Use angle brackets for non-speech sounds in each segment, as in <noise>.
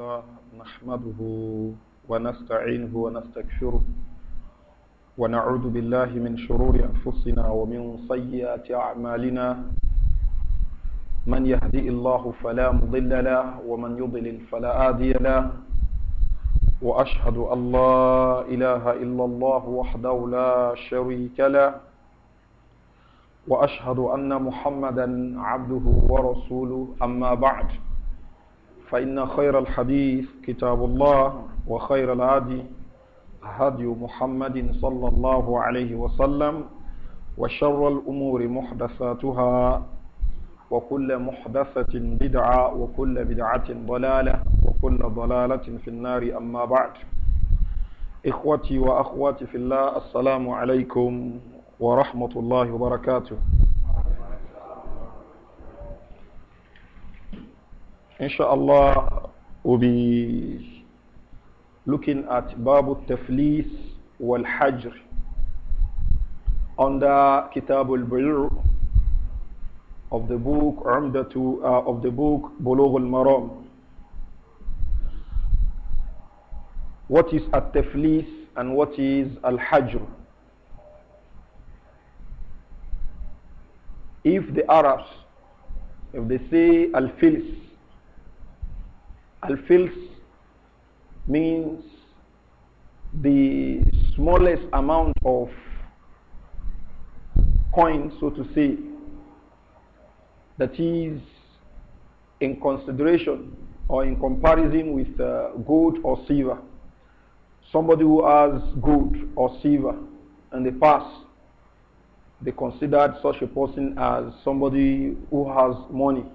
الله نحمده ونستعينه ونستكشره ونعوذ بالله من شرور أنفسنا ومن سيئات أعمالنا من يهدي الله فلا مضل له ومن يضلل فلا هادي له وأشهد أن لا إله إلا الله وحده لا شريك له وأشهد أن محمدا عبده ورسوله أما بعد فإن خير الحديث كتاب الله وخير الهدي هدي محمد صلى الله عليه وسلم وشر الأمور محدثاتها وكل محدثة بدعة وكل بدعة ضلالة وكل ضلالة في النار أما بعد إخوتي وأخواتي في الله السلام عليكم ورحمة الله وبركاته Inshallah, we'll be looking at Babu Taflis wal Hajr under Kitab al of the book Umdatu, uh, of the book Bulugh al Maram. What is at Taflis and what is al Hajr? If the Arabs, if they say al Filis, Alfils means the smallest amount of coin, so to say, that is in consideration or in comparison with uh, gold or silver. Somebody who has gold or silver in the past, they considered such a person as somebody who has money.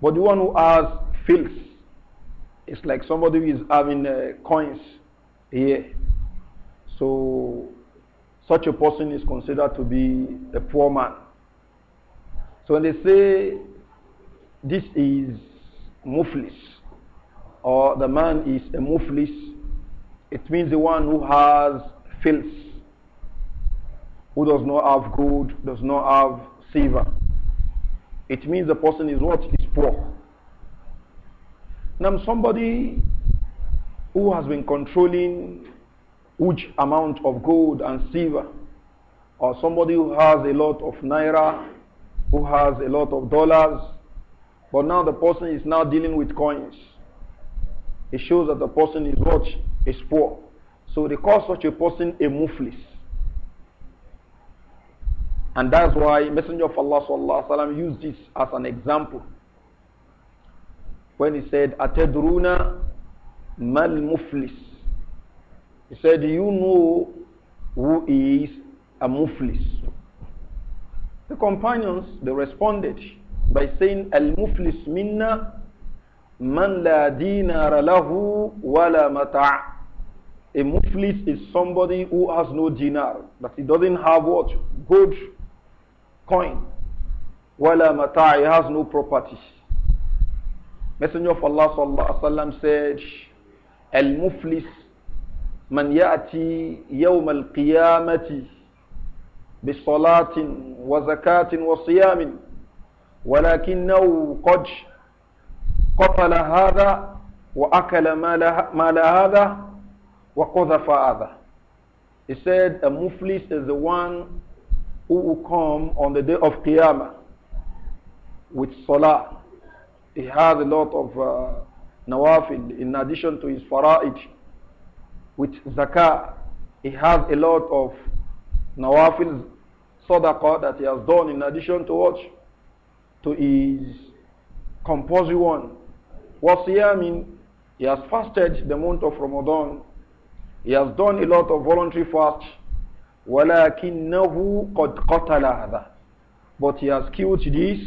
But the one who has filth, it's like somebody who is having uh, coins here. So such a person is considered to be a poor man. So when they say this is muflis or the man is a muflis, it means the one who has filth, who does not have gold, does not have silver. It means the person is what is poor. Now, somebody who has been controlling huge amount of gold and silver, or somebody who has a lot of naira, who has a lot of dollars, but now the person is now dealing with coins. It shows that the person is rich, is poor. So they call such a person a muflis. And that's why Messenger of Allah sallallahu alaihi wasallam used this as an example when he said, Atadruna mal muflis. He said, You know who is a muflis. The companions, they responded by saying, Al muflis minna man la dinara lahu wala mata'. A muflis is somebody who has no dinar, that he doesn't have what? Good coin. Wala mata', he has no property. Messenger of Allah sallallahu alaihi wasallam said, "Al muflis man ya'ti yawm al qiyamati bi salatin wa zakatin wa siyamin walakinahu qad qatala hadha wa akala mala hadha wa qadhafa hadha." He said, "A muflis is the one who will come on the day of Qiyamah with salah." he has a lot of uh, nawafil in addition to his fara'id with zakah he has a lot of nawafil sadaqah that he has done in addition to what to his compulsory one mean? he has fasted the month of ramadan he has done a lot of voluntary fast ولكنه قد قتل هذا but he has killed this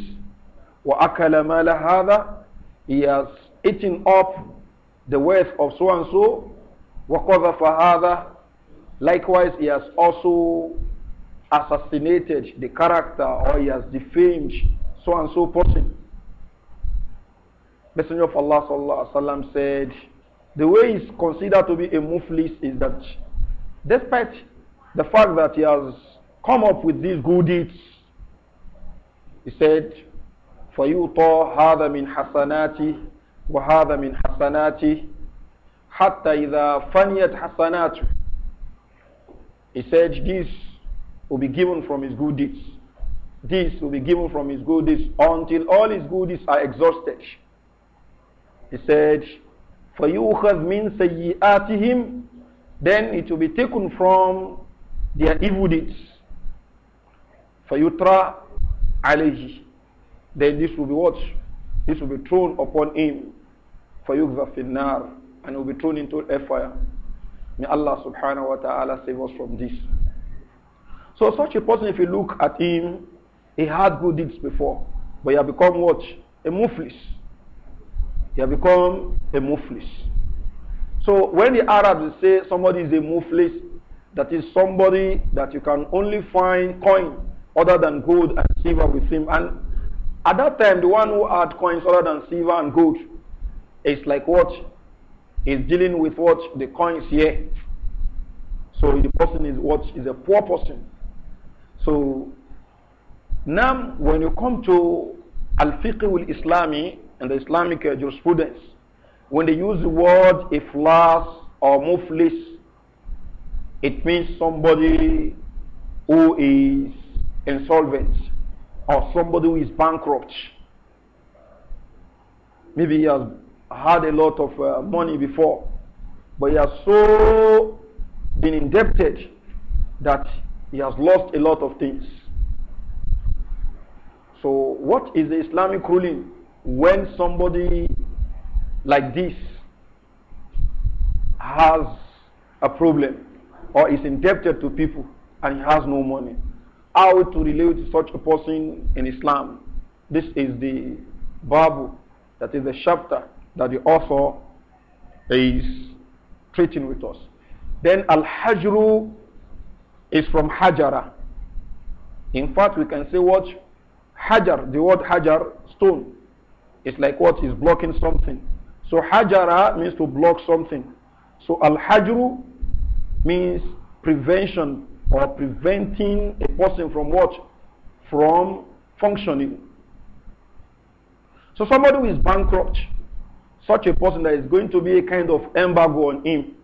وَأَكَلَ مَالَ هَذَا He has eaten up the wealth of so and so. وَقَذَفَ هَذَا Likewise, he has also assassinated the character or he has defamed so and so person. Messenger of Allah sallallahu alaihi wasallam said, the way he's considered to be a muflis is that despite the fact that he has come up with these good deeds, he said, فيوطى هذا من حسناته وهذا من حسناته حتى إذا فنيت حسناته he said this will be given from his good deeds this will be given from his good deeds until all his good deeds are exhausted he said فَيُؤْخَذْ مِنْ سَيِّئَاتِهِمْ then it will be taken from their evil deeds فَيُتْرَى عَلَيْهِ then this will be what? This will be thrown upon him. فَيُغْذَى فِي And he will be thrown into a fire. May Allah subhanahu wa ta'ala save us from this. So such a person, if you look at him, he had good deeds before, but he has become what? A muflis. He has become a muflis. So when the Arabs say somebody is a muflis, that is somebody that you can only find coin other than gold and silver with him. And at that time, the one who had coins other than silver and gold is like what? Is dealing with what? The coins here. So the person is what? Is a poor person. So now, when you come to Al-Fiqh al-Islami and the Islamic uh, jurisprudence, when they use the word iflas or muflis, it means somebody who is insolvent or somebody who is bankrupt. Maybe he has had a lot of uh, money before, but he has so been indebted that he has lost a lot of things. So, what is the Islamic ruling when somebody like this has a problem or is indebted to people and he has no money? how to relate to such a person in Islam. This is the Babu, that is the chapter that the author is treating with us. Then Al-Hajru is from Hajara. In fact, we can say what Hajar, the word Hajar, stone. is like what is blocking something. So Hajara means to block something. So Al-Hajru means prevention, or preventing a person from what? From functioning. So somebody who is bankrupt, such a person that is going to be a kind of embargo on him.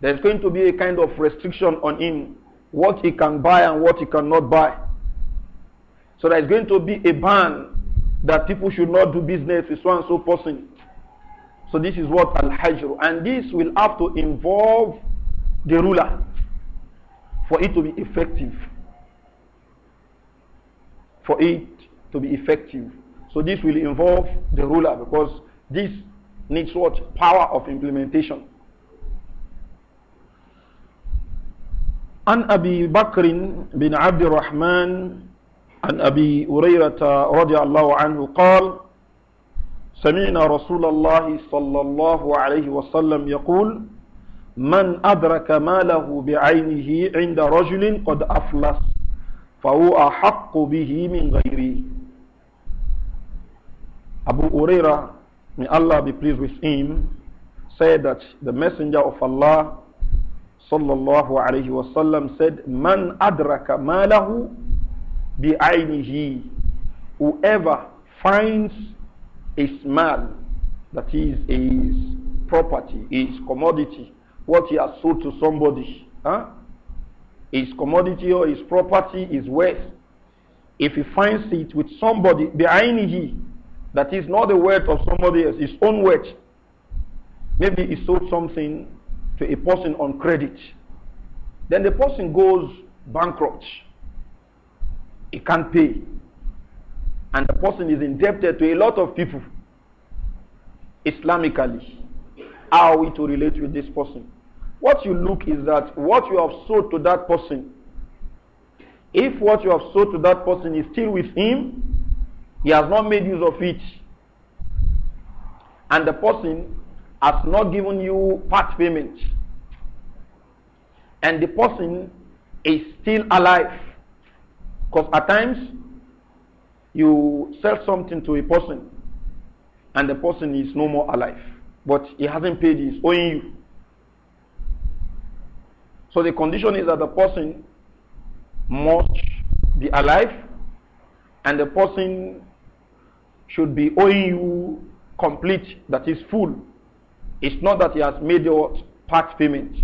There's going to be a kind of restriction on him, what he can buy and what he cannot buy. So there's going to be a ban that people should not do business with so and so person. So this is what Al-Hajr. And this will have to involve the ruler for it to be effective. For it to be effective. So this will involve the ruler because this needs what? Power of implementation. An abi Bakrin bin عبد الرحمن عن أبي هريرة رضي الله عنه قال سمعنا رسول الله صلى الله عليه وسلم يقول من أدرك ماله بعينه عند رجل قد أفلس فهو أحق به من غيره Abu Uraira, may Allah be pleased with him, said that the Messenger of Allah sallallahu alayhi وسلم said, Man adraka malahu bi'aynihi. Whoever finds his man that is his property, his commodity, what he has sold to somebody. Huh? His commodity or his property, his wealth. If he finds it with somebody behind him, that is not the wealth of somebody else, his own wealth. Maybe he sold something to a person on credit. Then the person goes bankrupt. He can't pay. And the person is indebted to a lot of people Islamically. How are we to relate with this person? What you look is that what you have sold to that person, if what you have sold to that person is still with him, he has not made use of it. And the person has not given you part payment. And the person is still alive. Because at times, you sell something to a person and the person is no more alive. But he hasn't paid, he's owing you. So the condition is that the person must be alive and the person should be owing you complete, that is full. It's not that he has made your part payment.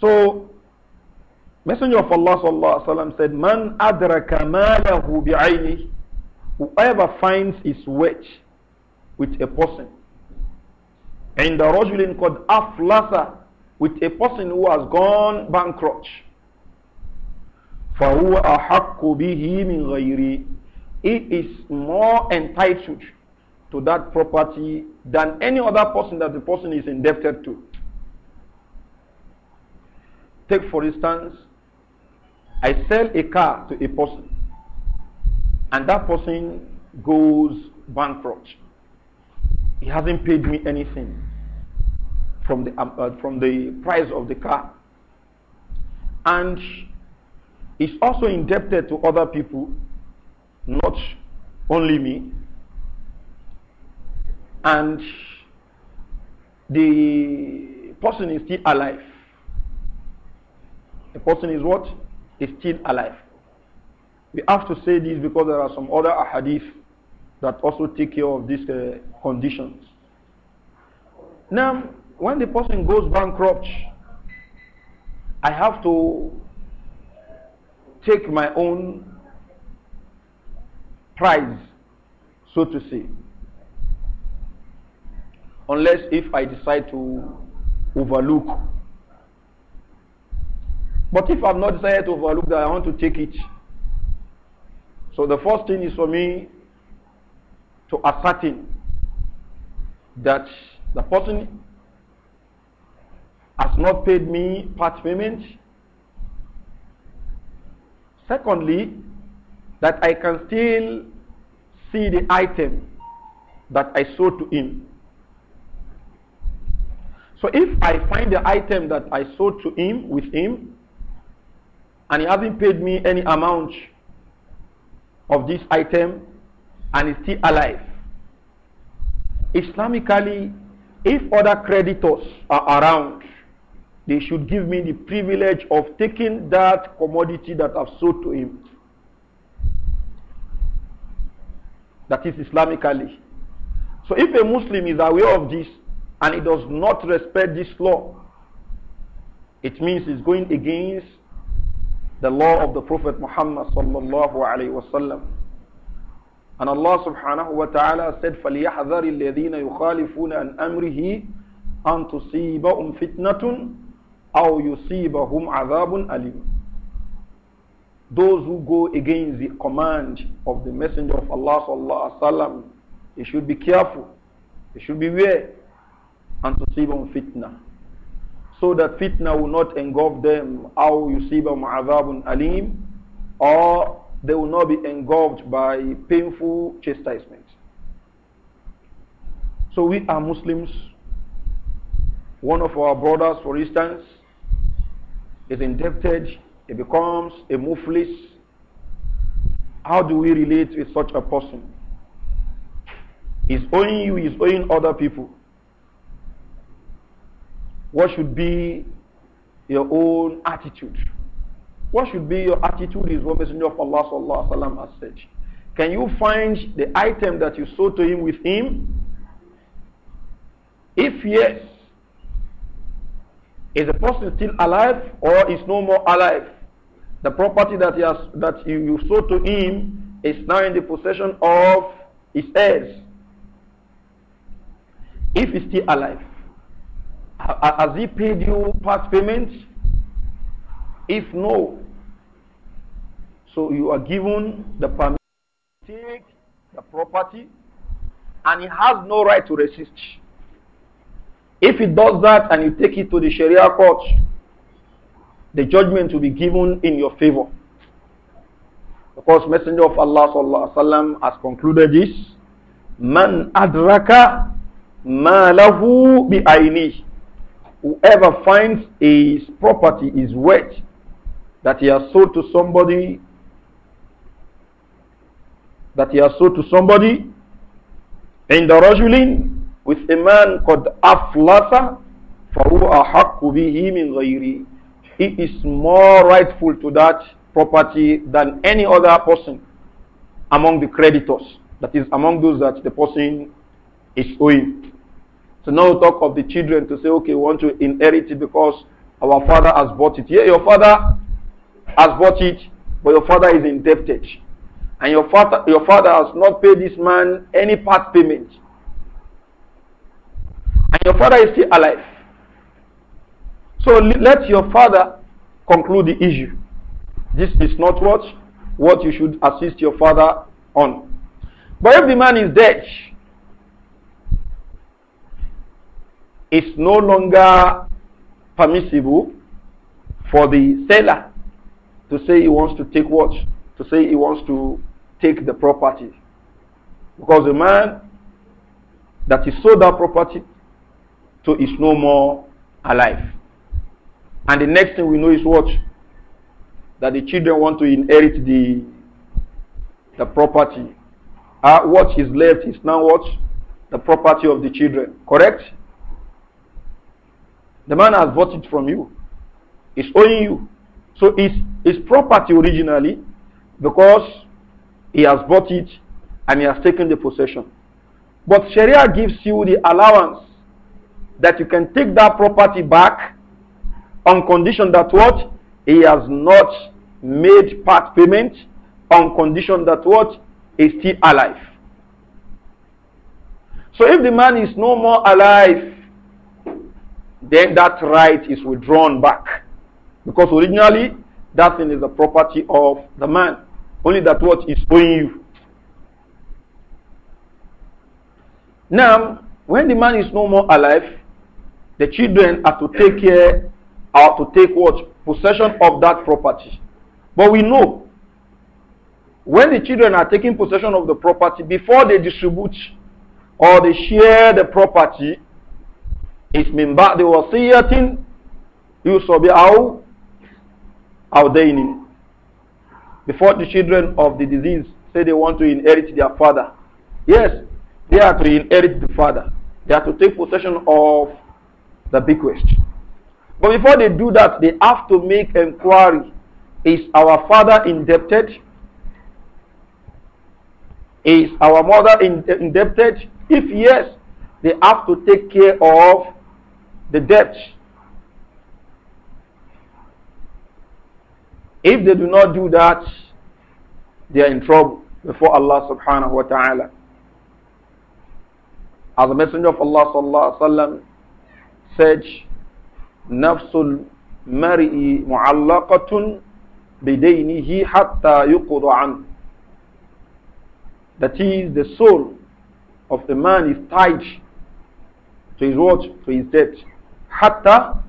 So, Messenger of Allah sallallahu alaihi wasallam said, "Man adraka malahu whoever finds his wealth with a person, and the rajulin qad aflasa with a person who has gone bankrupt. فَهُوَ أَحَقُّ بِهِ مِنْ غَيْرِي He is more entitled to that property than any other person that the person is indebted to. Take for instance, I sell a car to a person and that person goes bankrupt. He hasn't paid me anything from the, um, uh, from the price of the car. And is also indebted to other people, not only me. And the person is still alive. The person is what? Is still alive. We have to say this because there are some other ahadith that also take care of these uh, conditions. Now, when the person goes bankrupt, I have to take my own prize, so to say. Unless if I decide to overlook. But if I've not decided to overlook that, I want to take it. So the first thing is for me to ascertain that the person has not paid me part payment. Secondly, that I can still see the item that I sold to him. So if I find the item that I sold to him with him and he hasn't paid me any amount of this item and is still alive, Islamically, if other creditors are around, they should give me the privilege of taking that commodity that I've sold to him. That is Islamically. So if a Muslim is aware of this and he does not respect this law, it means he's going against the law of the Prophet Muhammad sallallahu alaihi wasallam. And Allah subhanahu wa ta'ala said, فَلْيَحْذَرِ الَّذِينَ يُخَالِفُونَ أَنْ أَمْرِهِ أَنْ تُصِيبَهُمْ فِتْنَةٌ أو يصيبهم عذاب أليم Those who go against the command of the Messenger of Allah sallallahu alaihi wasallam, they should be careful, they should beware, and to تصيبهم fitna, so that fitna will not engulf them, أو يصيبهم عذاب أليم, or they will not be engulfed by painful chastisement. So we are Muslims. One of our brothers, for instance, is indebted, he becomes a muflis. How do we relate with such a person? He's owing you, he's owing other people. What should be your own attitude? What should be your attitude is what Messenger of Allah sallallahu alaihi wasallam has said. Can you find the item that you sold to him with him? If yes, is the person still alive or is no more alive? The property that, he has, that you, you sold to him is now in the possession of his heirs. If he's still alive, has he paid you past payments? If no, so you are given the permission to take the property and he has no right to resist. If it does that and you take it to the Sharia court, the judgment will be given in your favor. Because Messenger of Allah sallallahu has concluded this: Man adraka ma bi aini. Whoever finds his property is wet that he has sold to somebody, that he has sold to somebody, in the rajulin with a man called aflasa فَهُوَ أَحَقُّ بِهِ مِنْ غَيْرِهِ He is more rightful to that property than any other person among the creditors. That is among those that the person is owing. So now we talk of the children to say, okay, we want to inherit it because our father has bought it. Yeah, your father has bought it, but your father is indebted. And your father, your father has not paid this man any part payment. Your father is still alive. So let your father conclude the issue. This is not what, what you should assist your father on. But if the man is dead, it's no longer permissible for the seller to say he wants to take what? To say he wants to take the property. Because the man that he sold that property so it's no more alive. And the next thing we know is what? That the children want to inherit the, the property. Uh, what is left is now what? The property of the children. Correct? The man has bought it from you. It's owing you. So it's, it's property originally because he has bought it and he has taken the possession. But Sharia gives you the allowance that you can take that property back on condition that what? He has not made part payment on condition that what? Is still alive. So if the man is no more alive, then that right is withdrawn back. Because originally, that thing is the property of the man. Only that what is owing you. Now, when the man is no more alive, the children are to take care, are to take what? Possession of that property. But we know, when the children are taking possession of the property, before they distribute or they share the property, it's min ba'di wasiyatin yusobi aw awdainim. Before the children of the disease say they want to inherit their father. Yes, they are to inherit the father. They are to take possession of the big question, But before they do that, they have to make inquiry. Is our father indebted? Is our mother indebted? If yes, they have to take care of the debt. If they do not do that, they are in trouble before Allah subhanahu wa ta'ala. As a messenger of Allah sallallahu alaihi wasallam Nafsul mari'i mu'allaqatun hatta an. That is, the soul of the man is tied to his watch, to his debt. Hatta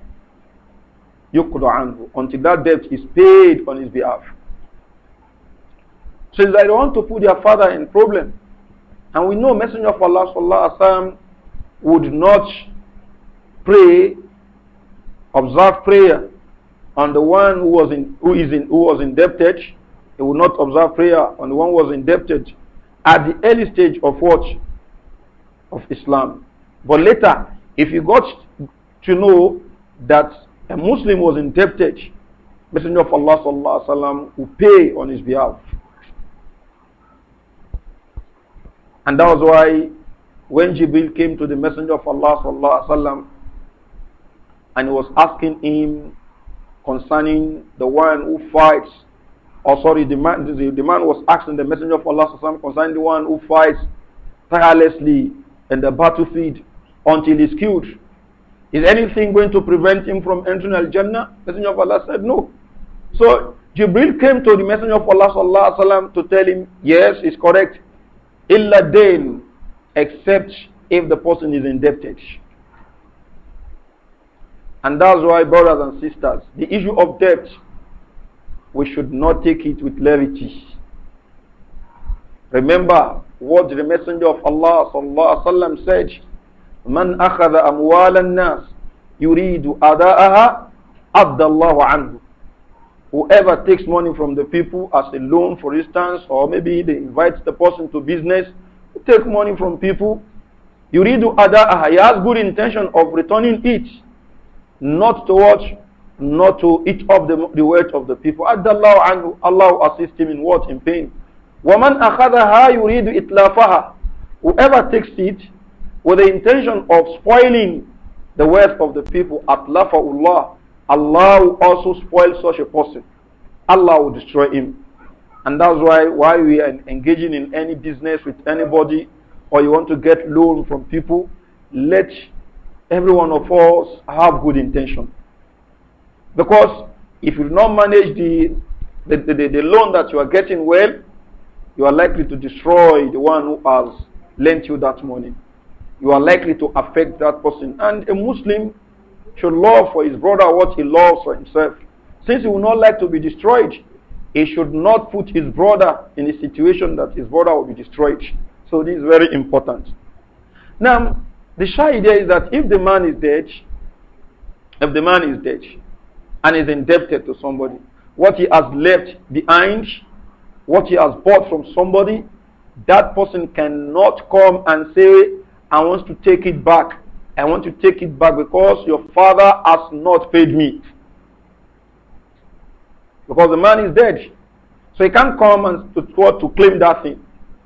anhu. Until that debt is paid on his behalf. Says, I don't want to put your father in problem. And we know Messenger of Allah sallallahu would not pray, observe prayer, and the one who was in who is in who was indebted, he will not observe prayer, and the one who was indebted at the early stage of what of Islam. But later, if you got to know that a Muslim was indebted, Messenger of Allah sallallahu alaihi wasallam will pay on his behalf. And that was why when Jibril came to the Messenger of Allah sallallahu alaihi wasallam and he was asking him concerning the one who fights or oh, sorry the man, the, the man was asking the messenger of Allah concerning the one who fights tirelessly in the battlefield until he's killed is anything going to prevent him from entering Al-Jannah? Messenger of Allah said no. So Jibril came to the Messenger of Allah sallallahu to tell him, yes, it's correct. Illa dain, except if the person is indebted. And that's why, brothers and sisters, the issue of debt, we should not take it with levity. Remember what the Messenger of Allah sallallahu alaihi wasallam said, "Man akhada amwal nas yuridu ada'aha Abdullah anhu." Whoever takes money from the people as a loan, for instance, or maybe they invite the person to business, take money from people, yuridu ada'aha. He has good intention of returning it not to watch, not to eat up the, the wealth of the people. Allah will Allah assist him in what? In pain. وَمَنْ أَخَذَهَا يُرِيدُ إِتْلَافَهَا Whoever takes it with the intention of spoiling the wealth of the people, أَتْلَافَهُ اللَّهُ Allah will also spoil such a person. Allah will destroy him. And that's why, why we are engaging in any business with anybody or you want to get loan from people, let every one of us have good intention. Because if you do not manage the, the, the, the loan that you are getting well, you are likely to destroy the one who has lent you that money. You are likely to affect that person. And a Muslim should love for his brother what he loves for himself. Since he would not like to be destroyed, he should not put his brother in a situation that his brother will be destroyed. So this is very important. Now, the shy idea is that if the man is dead, if the man is dead and is indebted to somebody, what he has left behind, what he has bought from somebody, that person cannot come and say, I want to take it back. I want to take it back because your father has not paid me. Because the man is dead. So he can't come and to, to claim that thing,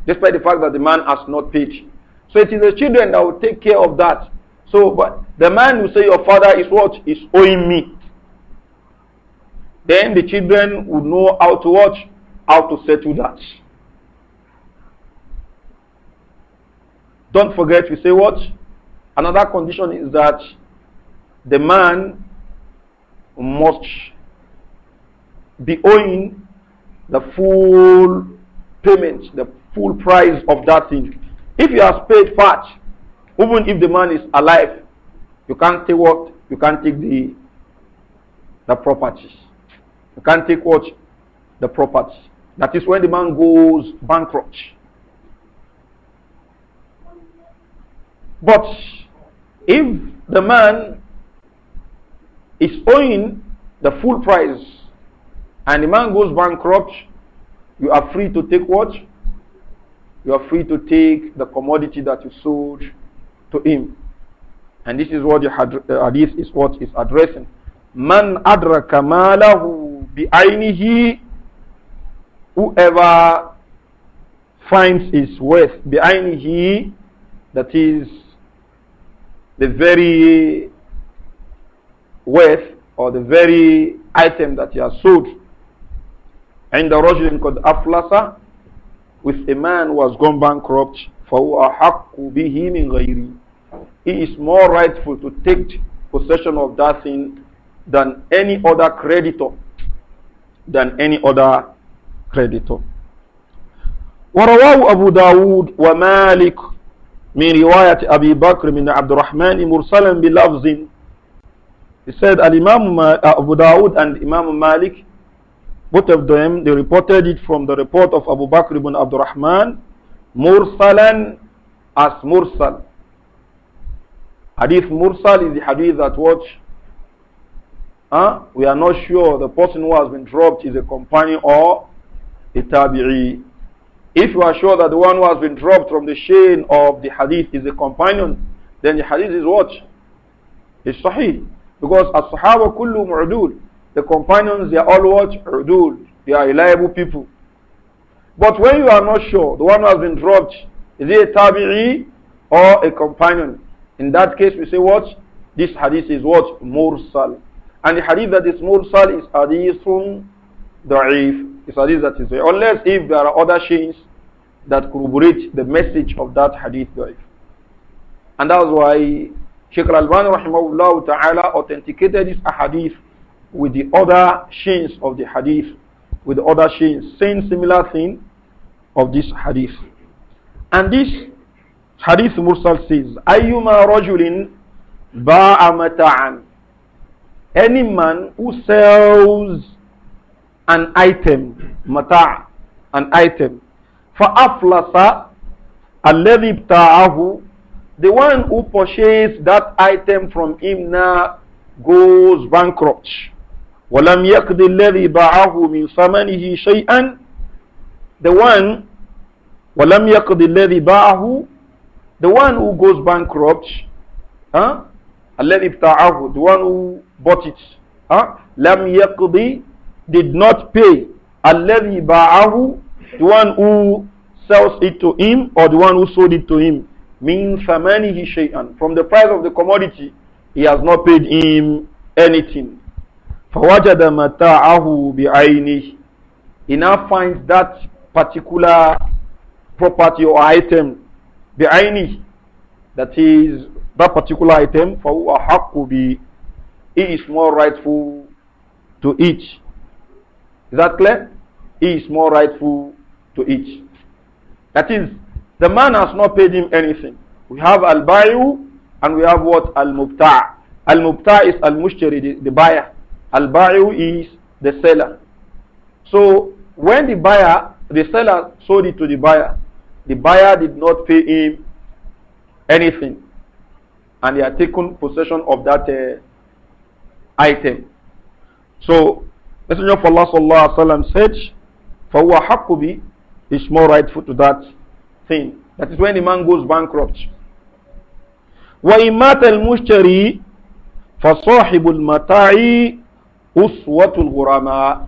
despite the fact that the man has not paid. So it is the children that will take care of that. So, but the man will say, Your father is what? Is owing me. Then the children will know how to watch, how to settle that. Don't forget, we say what? Another condition is that the man must be owing the full payment, the full price of that thing. If you have paid fat, even if the man is alive, you can't take what? You can't take the, the property. You can't take what? The property. That is when the man goes bankrupt. But if the man is owing the full price and the man goes bankrupt, you are free to take what? You are free to take the commodity that you sold to him. And this is what the uh, hadith is what is addressing. Man adraka malahu bi'ainihi whoever finds his worth bi'ainihi that is the very worth or the very item that he has sold. the رجل قد أفلس with a man who has gone bankrupt, for أَحَقُّ بِهِ مِنْ غَيْرِي He is more rightful to take possession of that thing than any other creditor. Than any other creditor. ورواه أبو داود ومالك من رواية أبي بكر من عبد الرحمن مرسلا بلفظ He said Al-Imam uh, Abu Dawud and Imam Malik both of them, they reported it from the report of Abu Bakr ibn Abdurrahman, Mursalan as Mursal. Hadith Mursal is the hadith that what? Huh? We are not sure the person who has been dropped is a companion or a tabi'i. If you are sure that the one who has been dropped from the chain of the hadith is a companion, then the hadith is what? It's sahih. Because as-sahaba kullu mu'dul. The companions, they are all what? Udul. They are reliable people. But when you are not sure, the one who has been dropped, is he a tabi'i or a companion? In that case, we say what? This hadith is what? Mursal. And the hadith that is mursal is hadithun da'if. It's hadith that is Unless if there are other chains that corroborate the message of that hadith da'if. And that's why Sheikh Al-Albani rahimahullah ta'ala authenticated this hadith with the other shins of the hadith, with the other shins, same similar thing of this hadith. And this hadith Mursal says, Ayyuma rajulin ba'a mata'an. Any man who sells an item, mata' an item, fa'aflasa alladhi ibta'ahu the one who purchased that item from him now goes bankrupt. وَلَمْ يَقْدِ الَّذِي مِنْ ثَمَنِهِ شَيْئًا The one, وَلَمْ يَقْدِ الَّذِي The one who goes bankrupt, huh? الَّذِي بْتَعَهُ The one who bought it, huh? لَمْ يَقْدِ Did not pay الَّذِي بَعَهُ The one who sells it to him or the one who sold it to him from the price of the commodity he has not paid him anything فوجد متاعه بعينه he now finds that particular property or item بعينه that is that particular item فهو حق به he is more rightful to each is that clear he is more rightful to each that is the man has not paid him anything we have al-bayu and we have what al-mubta' al-mubta' is al-mushtari the, the buyer Al-Ba'u is the seller. So when the buyer, the seller sold it to the buyer, the buyer did not pay him anything. And they are taken possession of that uh, item. So Messenger of Allah sallallahu alaihi wasallam said, "Fahuwa hakubi is more rightful to that thing." That is when the man goes bankrupt. وإن مات المشتري فصاحب المتاع uswatul ghurama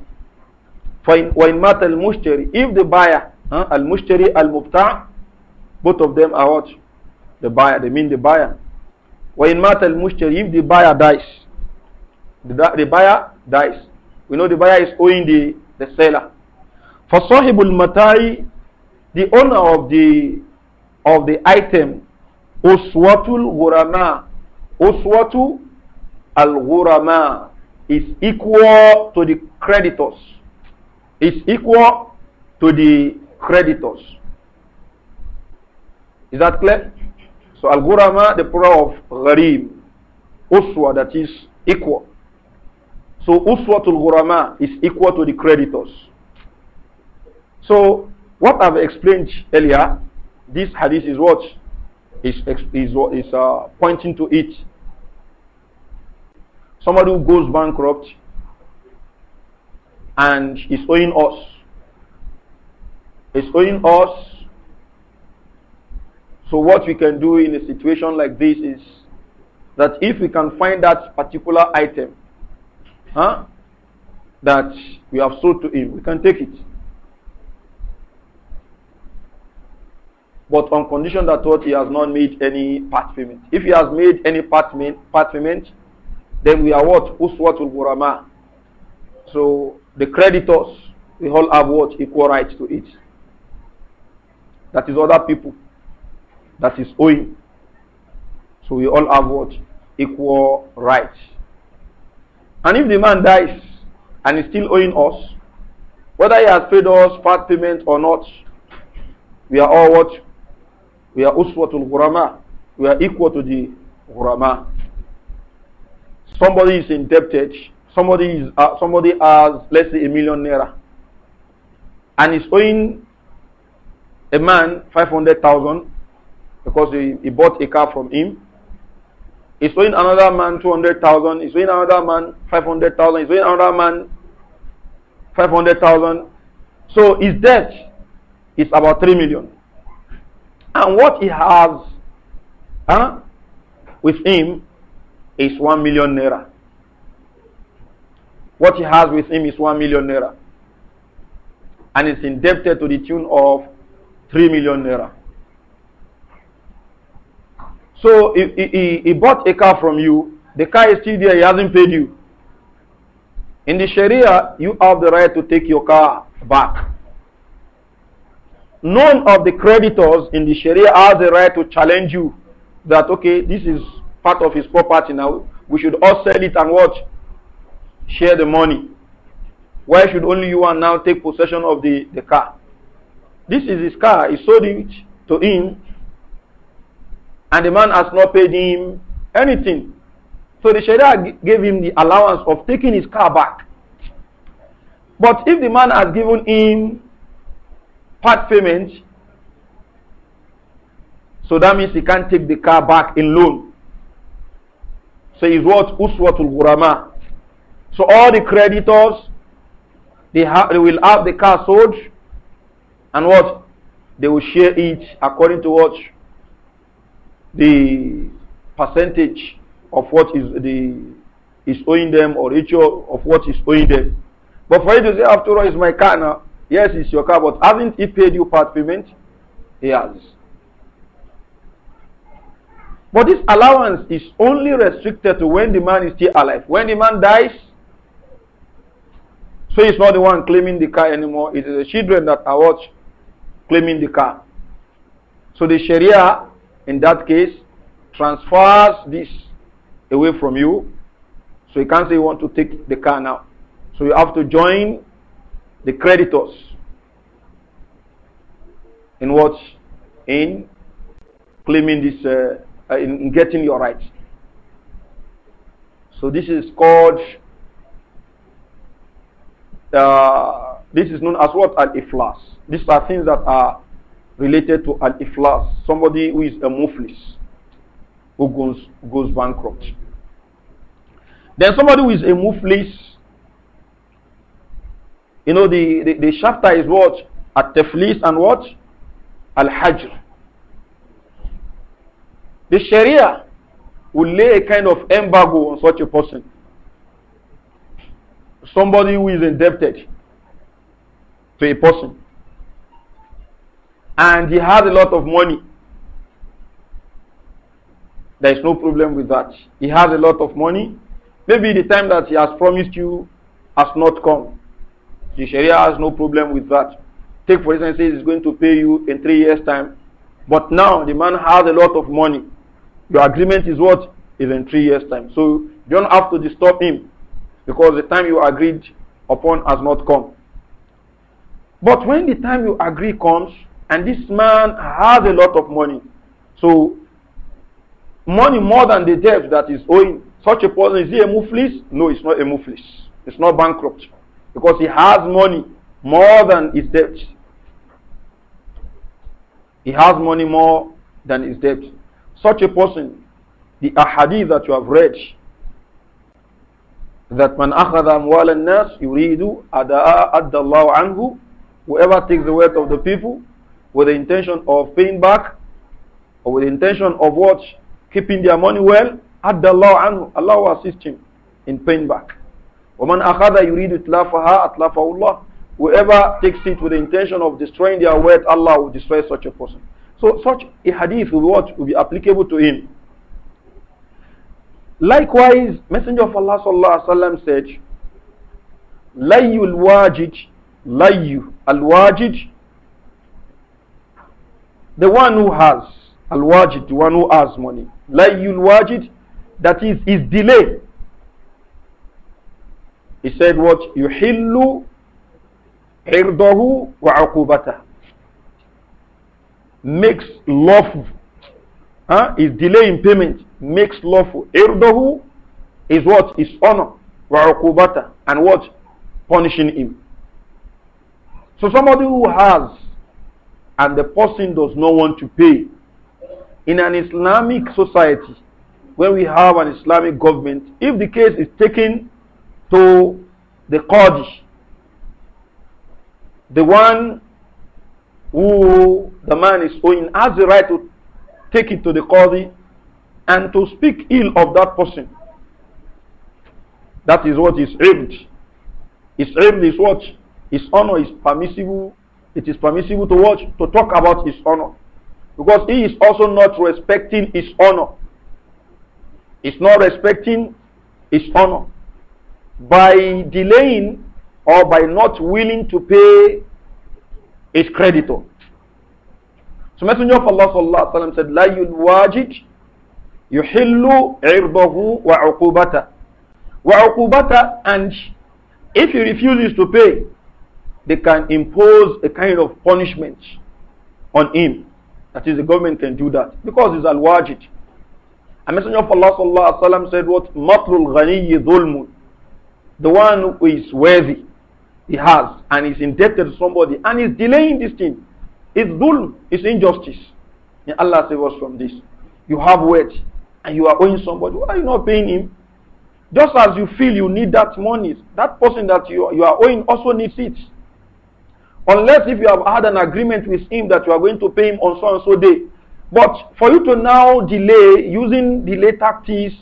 wa in mata al mushtari if the buyer huh, al mushtari al mubta both of them are what the buyer they mean the buyer wa in mata al mushtari if the buyer dies the, the buyer dies we know the buyer is owing the the seller fa sahibul matai the owner of the of the item uswatul ghurama uswatu al ghurama is equal to the creditors. Is equal to the creditors. Is that clear? So al Gurama, the plural of Gharim. Uswa, that is equal. So Uswatul Gurama is equal to the creditors. So what I've explained earlier, this hadith is what is is, is uh, pointing to it Somebody who goes bankrupt and is owing us. Is owing us. So what we can do in a situation like this is that if we can find that particular item huh, that we have sold to him, we can take it. But on condition that what he has not made any part payment. If he has made any part, part payment, then we are what? Uswatul Burama. So the creditors, we all have what? Equal rights to it. That is other people. That is owing. So we all have what? Equal rights. And if the man dies and is still owing us, whether he has paid us part payment or not, we are all what? We are uswatul gurama. We are equal to the gurama. Somebody is indebted. Somebody is uh, somebody has let's say a million naira, and is owing a man five hundred thousand because he, he bought a car from him. He's owing another man 200,000. He's owing another man 500,000. He's owing another man 500,000. So his debt is about 3 million. And what he has huh, with him is 1 million naira. What he has with him is 1 million naira. And is indebted to the tune of 3 million naira. So he, he, he bought a car from you. The car is still there. He hasn't paid you. In the Sharia, you have the right to take your car back. None of the creditors in the Sharia has the right to challenge you that, okay, this is part of his property now. We should all sell it and what? share the money. Why should only you and now take possession of the, the car? This is his car. He sold it to him, and the man has not paid him anything. So the Sharia gave him the allowance of taking his car back. But if the man has given him part payment, so that means he can't take the car back in loan. So what? Uswatul Gurama. So all the creditors, they, ha- they will have the car sold and what? They will share it according to what? The percentage of what is the is owing them or ratio of what is owing them. But for you to say, after all, it's my car now. Yes, it's your car, but hasn't he paid you part payment? He has. But this allowance is only restricted to when the man is still alive. When the man dies, so he's not the one claiming the car anymore. It is the children that are what? Claiming the car. So the Sharia, in that case, transfers this away from you. So you can't say you want to take the car now. So you have to join the creditors in what? In claiming this uh, uh, in, getting your rights. So this is called, uh, this is known as what? Al-Iflas. These are things that are related to Al-Iflas, somebody who is a muflis, who goes, goes bankrupt. Then somebody who is a muflis, you know, the, the, the chapter is what? At-Taflis and what? Al-Hajr. The Sharia will lay a kind of embargo on such a person. Somebody who is indebted to a person. And he has a lot of money. There is no problem with that. He has a lot of money. Maybe the time that he has promised you has not come. The Sharia has no problem with that. Take for instance, he is going to pay you in three years' time. But now the man has a lot of money. Your agreement is what? Is in three years' time. So you don't have to disturb him because the time you agreed upon has not come. But when the time you agree comes, and this man has a lot of money, so money more than the debt that is owing, such a person is he a muflis? No, it's not a muflis. It's not bankrupt because he has money more than his debt. He has money more than his debt such a person, the ahadith that you have read, that man akhada amwal al-nas yuridu ada'a adda Allah anhu, whoever takes the wealth of the people with the intention of paying back, or with the intention of what? Keeping their money well, adda Allah anhu, Allah will assist him in paying back. وَمَنْ أَخَذَ يُرِيدُ إِتْلَافَهَا أَتْلَافَهُ اللَّهُ Whoever takes it with the intention of destroying their wealth, Allah will destroy such a person. So such a hadith will, what, will be applicable to him. Likewise, Messenger of Allah sallallahu alaihi wasallam said, "Layu al-wajid, layu al-wajid." The one who has al-wajid, the one who has money, layu al-wajid, that is his delay. He said, "What yuhillu irdahu wa aqubatah." makes lawful. Huh? His delay in payment makes lawful. Irdahu is what? Is honor. Wa'ukubata. And what? Punishing him. So somebody who has and the person does not want to pay. In an Islamic society, when we have an Islamic government, if the case is taken to the Qadi, the one who the man is owing has the right to take it to the Qadi and to speak ill of that person. That is what is aimed. Is ibd is what? His honor is permissible. It is permissible to watch, to talk about his honor. Because he is also not respecting his honor. He's not respecting his honor. By delaying or by not willing to pay his creditor. So Messenger of Allah sallallahu alaihi wasallam said, "La yulwajid yuhillu irdahu wa uqubata wa uqubata." And if he refuses to pay, they can impose a kind of punishment on him. That is, the government can do that because it's al-wajid. A messenger of Allah sallallahu alaihi wasallam said, "What matlul ghaniyi dhulmun." The one who is worthy, he has, and is indebted to somebody, and is delaying this thing. It's dhulm, it's injustice. Allah save us from this. You have wealth and you are owing somebody. Why are you not paying him? Just as you feel you need that money, that person that you, you are owing also needs it. Unless if you have had an agreement with him that you are going to pay him on so and so day. But for you to now delay, using delay tactics,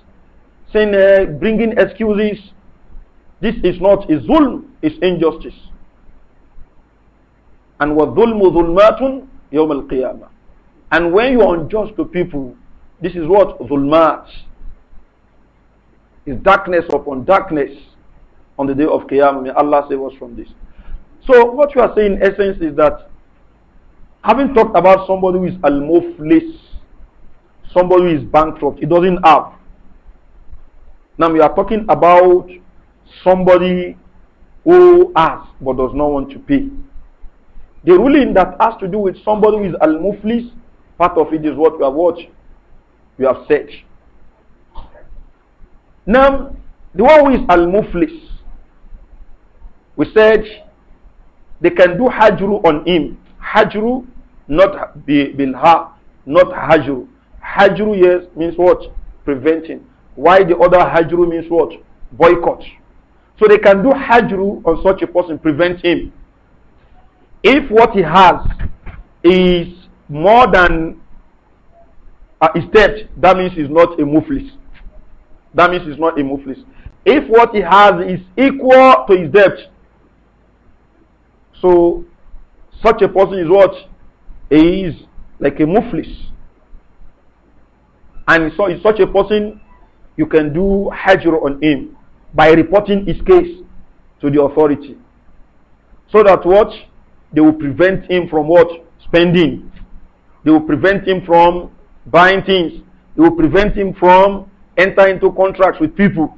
saying, uh, bringing excuses, this is not a zulm, it's injustice. And وَظُلْمُ ظُلْمَاتٌ يَوْمَ الْقِيَامَةِ And when you're unjust to people, this is what? Zulmat. Is darkness upon darkness on the day of Qiyamah. May Allah save us from this. So what you are saying in essence is that having talked about somebody who is al-muflis, somebody who is bankrupt, he doesn't have. Now we are talking about somebody who asks but does not want to pay. The ruling that has to do with somebody who is al-muflis, part of it is what you have watched, you have said. Now, the one who is al-muflis, we said they can do hajru on him. Hajru, not bilha, not hajru. Hajru, yes, means what? Preventing. Why the other hajru means what? Boycott. So they can do hajru on such a person, prevent him if what he has is more than uh, his debt, that means he's not a muflis. That means he's not a muflis. If what he has is equal to his debt, so such a person is what? He is like a muflis. And so in such a person, you can do hajr on him by reporting his case to the authority. So that what? they will prevent him from what? Spending. They will prevent him from buying things. They will prevent him from entering into contracts with people.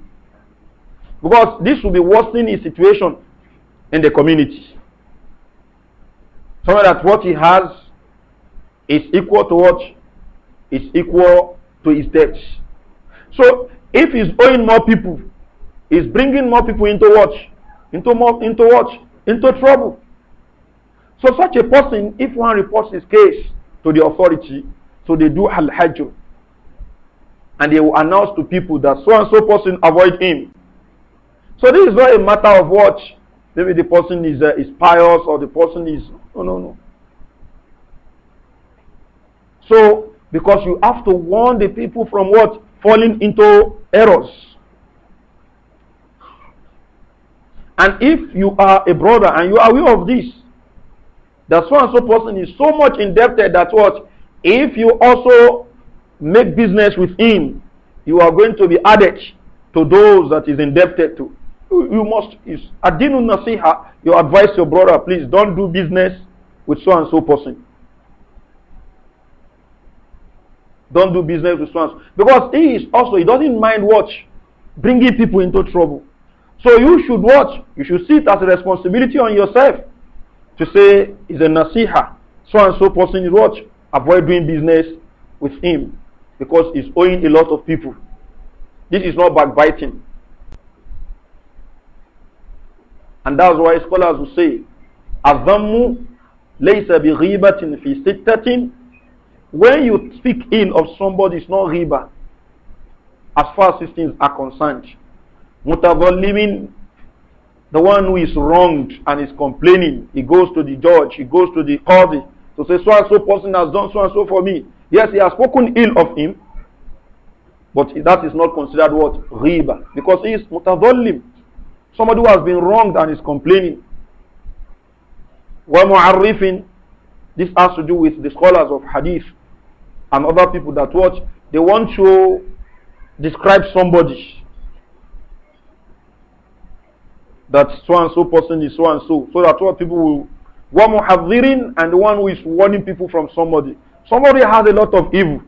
Because this will be worsening his situation in the community. So that what he has is equal to what is equal to his debts. So if he's owing more people, he's bringing more people into watch, Into more into watch, Into trouble. So such a person, if one reports his case to the authority, so they do al hajj and they will announce to people that so and so person avoid him. So this is not a matter of what maybe the person is uh, is pious or the person is no no no. So because you have to warn the people from what falling into errors. And if you are a brother and you are aware of this, that so and so person is so much indebted that what? If you also make business with him, you are going to be added to those that is indebted to. You, must must, Adinu Nasiha, you advise your brother, please don't do business with so and so person. Don't do business with so and so. Because he is also, he doesn't mind what? Bringing people into trouble. So you should watch. You should see it as a responsibility on yourself to say is a nasiha. So and so person is watch. Avoid doing business with him because he's owing a lot of people. This is not backbiting. And that's why scholars will say, Azammu laysa bi ghibatin fi sittatin. When you speak ill of somebody, it's not riba. As far as these things are concerned. Mutadhallimin the one who is wronged and is complaining, he goes to the judge, he goes to the qadi to say, so and so person has done so and so for me. Yes, he has spoken ill of him, but that is not considered what? Riba. Because he is Somebody who has been wronged and is complaining. Wa mu'arrifin. This has to do with the scholars of hadith and other people that watch. They want to describe somebody that so and so person is so and so, so that what people will one muhadhirin and the one who is warning people from somebody. Somebody has a lot of evil.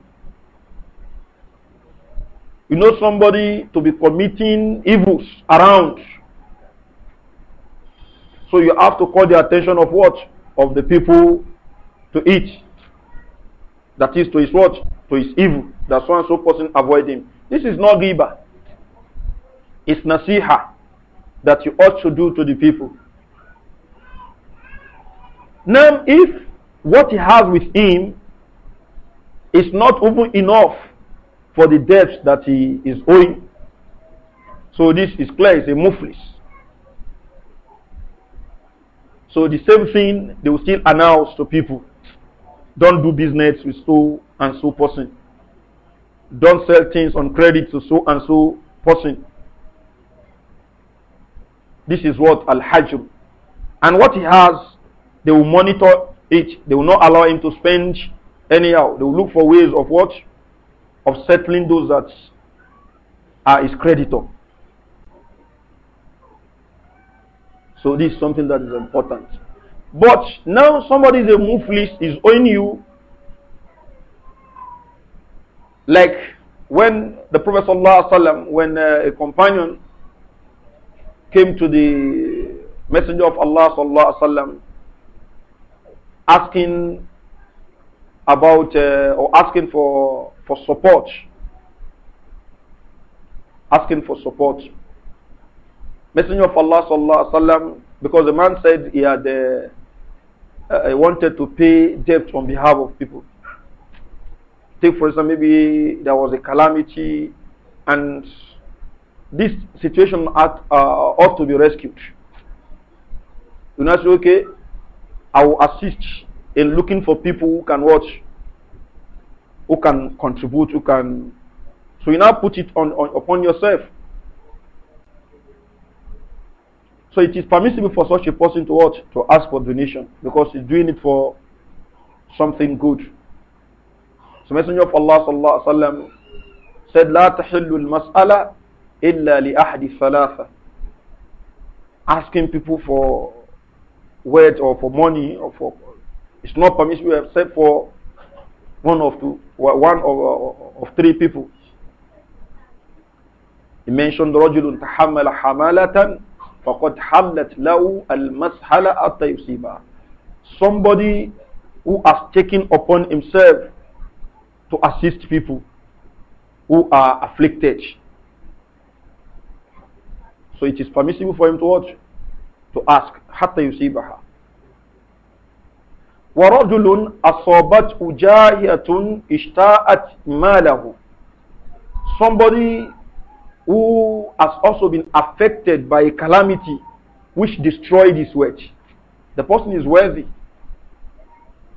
You know somebody to be committing evils around. So you have to call the attention of what? Of the people to it. That is to his what? To his evil. That so and so person avoid him. This is not riba. It's nasihah that you ought to do to the people. Now, if what he has with him is not even enough for the debts that he is owing, so this is clear, it's a muflis. So the same thing they will still announce to people. Don't do business with so and so person. Don't sell things on credit to so and so person. This is what Al-Hajr. And what he has, they will monitor it. They will not allow him to spend anyhow. They will look for ways of what? Of settling those that are his creditor. So this is something that is important. But now somebody is a muflis is owing you. Like when the Prophet ﷺ, when uh, a companion came to the Messenger of Allah sallallahu alaihi wasallam asking about uh, or asking for for support, asking for support. Messenger of Allah sallallahu alaihi wasallam, because the man said he had uh, uh, wanted to pay debt on behalf of people. Take for example, maybe there was a calamity and this situation at, uh, ought to be rescued. You know, say, okay, I will assist in looking for people who can watch, who can contribute, who can. So you now put it on, on upon yourself. So it is permissible for such a person to To ask for donation because he's doing it for something good. So Messenger of Allah said, "La tahillu al-mas'ala illa li ahdi salafa. Asking people for words or for money or for it's not permissible except for one of two, one of, of three people. He mentioned رجل تحمل حمالة فقد حملت له المسحلة حتى يصيبها. Somebody who has taken upon himself to assist people who are afflicted. So it is permissible for him to watch, to ask, حتى يصيبها. ورجل أصابته جاهية اشتاءت ماله. Somebody who has also been affected by a calamity which destroyed his wealth. The person is worthy.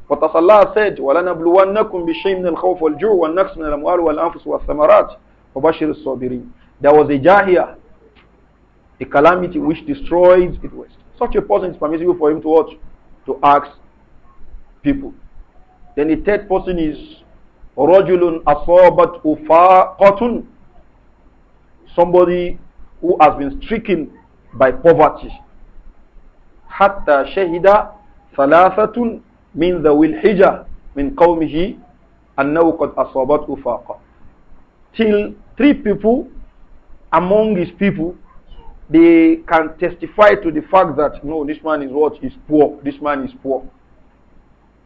But as Allah said, وَلَنَبْلُوَنَّكُمْ بِشَيْءٍ مِنَ الْخَوْفِ وَالْجُوعِ وَالنَّقْصِ مِنَ الْأَمْوَالِ وَالْأَنفُسِ وَالثَّمَرَاتِ وَبَشِّرِ الصَّابِرِينَ There was a jahiyah a calamity which destroys it was such a person is permissible for him to watch to ask people then the third person is rajulun asabat ufaqatun somebody who has been stricken by poverty hatta shahida thalathatun min dhawil hijah min qawmihi annahu qad asabat ufaqa till three people among his people they can testify to the fact that no, this man is what is poor, this man is poor.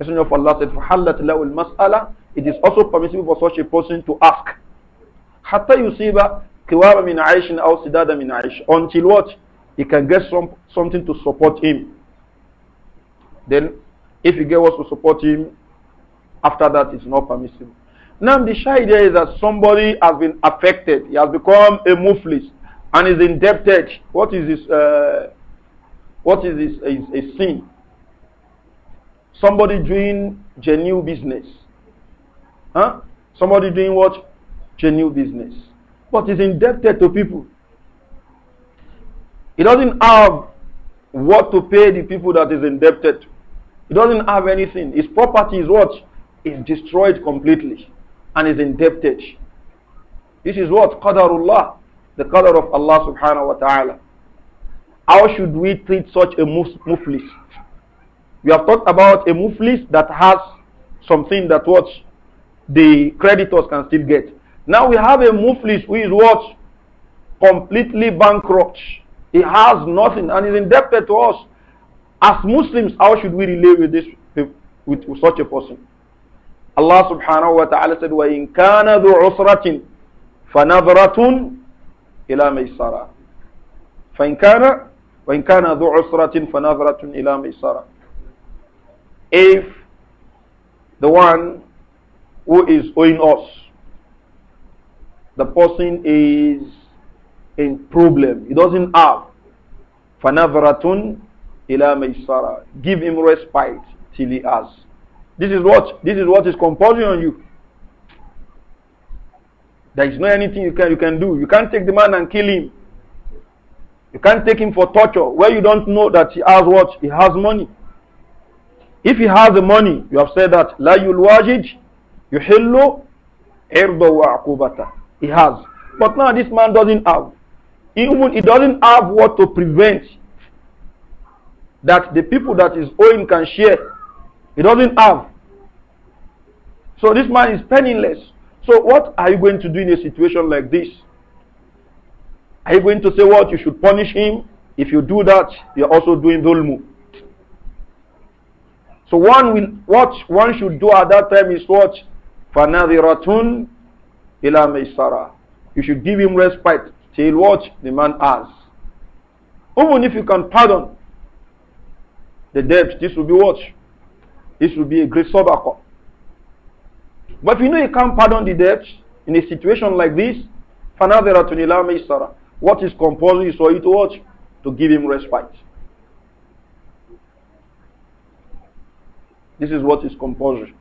Messenger of Allah said, فَحَلَّتْ لَهُ الْمَسْأَلَةِ It is also permissible for such a person to ask. حَتَّى يُصِيبَ قِوَارَ مِنْ عَيْشٍ أَوْ سِدَادَ مِنْ عَيْشٍ Until what? He can get some, something to support him. Then, if he get what to support him, after that it's not permissible. Now, the shy idea is that somebody has been affected. He has become a muflis and is indebted, what is his, uh, what is his, his, his sin? Somebody doing genuine business. Huh? Somebody doing what? Genuine business. But is indebted to people. He doesn't have what to pay the people that is indebted. He doesn't have anything. His property is what? Is destroyed completely and is indebted. This is what? Qadarullah the color of Allah subhanahu wa ta'ala. How should we treat such a muflis? We have talked about a muflis that has something that what the creditors can still get. Now we have a muflis who is what? Completely bankrupt. He has nothing and is indebted to us. As Muslims, how should we relate with this with, with such a person? Allah subhanahu wa ta'ala said, وَإِن كَانَ ذُو عُسْرَةٍ فَنَظْرَةٌ إلى ميسرة فإن كان وإن كان ذو عسرة فنظرة إلى ميسرة If the one who is owing us, the person is in problem, he doesn't have فنظرة إلى ميسرة Give him respite till he has. This is what this is what is composing on you. There is no anything you can, you can do. You can't take the man and kill him. You can't take him for torture where you don't know that he has what? He has money. If he has the money, you have said that, لا يلواجج يحل عرضه وعقوبته. He has. But now this man doesn't have. Even he doesn't have what to prevent that the people that is owing can share. He doesn't have. So this man is penniless. So what are you going to do in a situation like this? Are you going to say what? You should punish him. If you do that, you're also doing dhulmu. So one will, what one should do at that time is what? فَنَذِرَةٌ إِلَى مَيْسَرَةٌ You should give him respite till what the man has. Even if you can pardon the debt, this will be what? This will be a great sabaqah. But we know you can't pardon the debt in a situation like this. What is compulsory is for you to watch to give him respite. This is what is compulsory.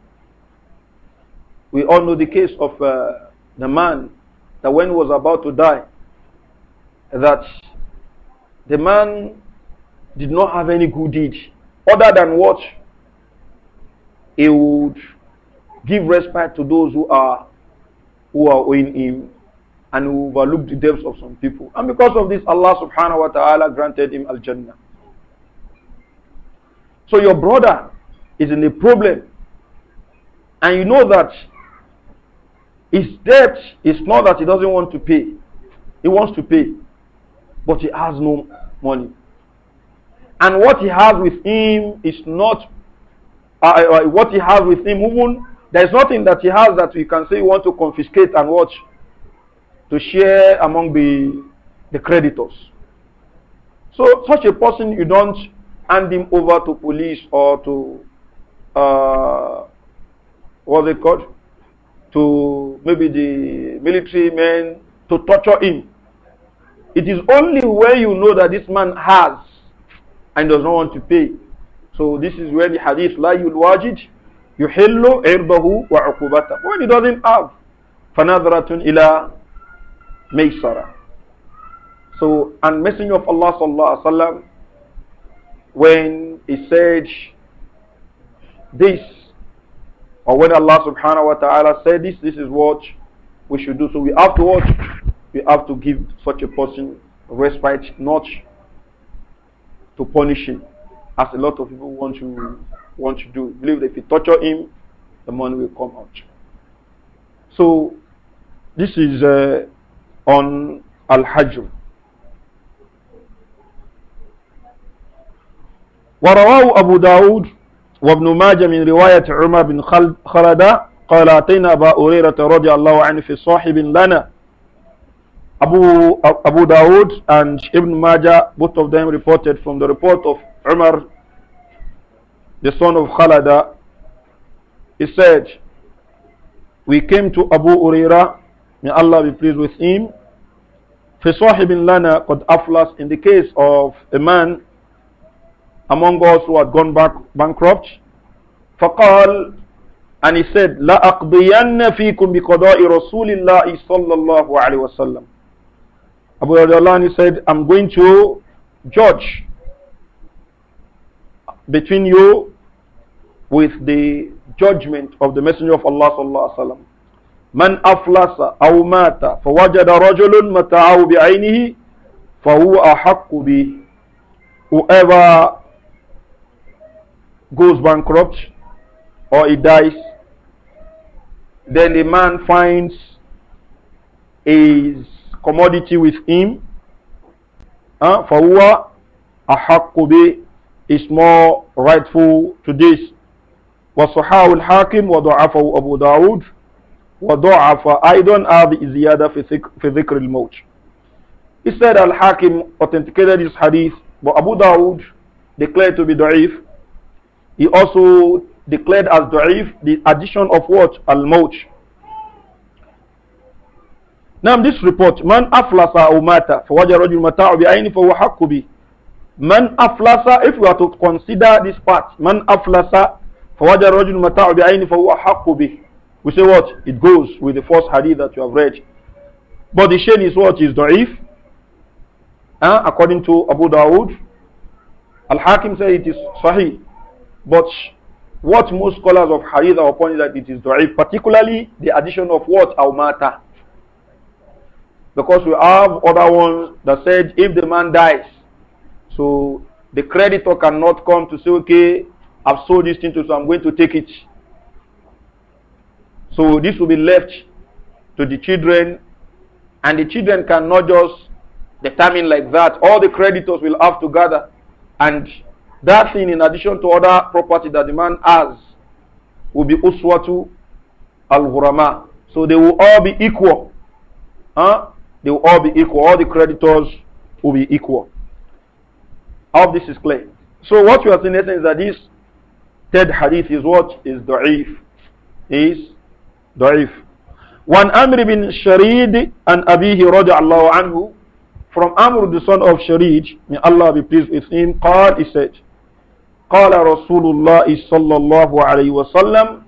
We all know the case of uh, the man that when he was about to die, that the man did not have any good deed other than what he would give respite to those who are who are in him and who overlooked the debts of some people. And because of this, Allah subhanahu wa ta'ala granted him al-Jannah. So your brother is in a problem and you know that his debt is not that he doesn't want to pay. He wants to pay, but he has no money. And what he has with him is not, uh, uh what he has with him even there is nothing that he has that we can say we want to confiscate and watch to share among the, the creditors. So such a person, you don't hand him over to police or to uh, what's it To maybe the military men to torture him. It is only where you know that this man has and does not want to pay. So this is where the hadith la yulwajid يحل عرضه وعقوبته when he doesn't have فنظرة إلى ميسرة so and messenger of Allah الله عليه وسلم, when he said this or when Allah subhanahu wa ta'ala said this this is what we should do so we have to watch we have to give such a person respite not to punish him as a lot of people want to want to do. Believe that if you torture him, the money will come out. So this is uh, on al Hajj. ورواه أبو داود وابن ماجه من رواية عمر بن خلدة قال أتينا أبا هريرة رضي الله عنه في صاحب لنا Abu, Abu Dawood and Ibn Majah, both of them reported from the report of Umar the son of Khalada, he said, We came to Abu Uraira, may Allah be pleased with him. فِصَاحِبٍ Lana قَدْ Aflas, In the case of a man among us who had gone back bankrupt, فَقَالَ And he said, "La فِيكُمْ bi رَسُولِ اللَّهِ صَلَّى الله عليه وسلم. Abu Uraira said, I'm going to judge between you with the judgment of the Messenger of Allah sallallahu alaihi wasallam. من أفلس أو مات فوجد رجل متاعه بعينه فهو أحق به whoever goes bankrupt or he dies then the man finds his commodity with him فهو أحق به is more rightful to this. وصحاه الحاكم وضعفه أبو داود وضعف أيضا هذه الزيادة في ذكر الموت. He said Al-Hakim authenticated this hadith, but Abu Dawud declared to be da'if. He also declared as da'if the addition of what? Al-Mawj. Now this report, Man aflasa umata, فوجه رجل متاع بعين فهو حق hakubi. Man aflasa, if we are to consider this part, man aflasa, فَوَجَ الرَّجُلُ مَتَاعُ بِعَيْنِ فَهُوَ حَقُّ بِهِ We say what? It goes with the first hadith that you have read. But the chain is what? Is da'if. Uh, according to Abu Dawood. Al-Hakim said it is sahih. But what most scholars of hadith are upon is that it is da'if. Particularly the addition of what? Al-Mata. Because we have other ones that said if the man dies, so the creditor cannot come to say, okay, I've sold this thing to so I'm going to take it. So this will be left to the children and the children cannot just determine like that. All the creditors will have to gather and that thing in addition to other property that the man has will be uswatu al-ghurama. So they will all be equal. Huh? They will all be equal. All the creditors will be equal. All this is clear. So what we are saying is that this third hadith is what? Is da'if. Is da'if. One Amr bin Sharid and Abihi radiallahu anhu. From Amr the son of Sharid, may Allah be pleased with him, قال, he said, قال رسول الله صلى الله عليه وسلم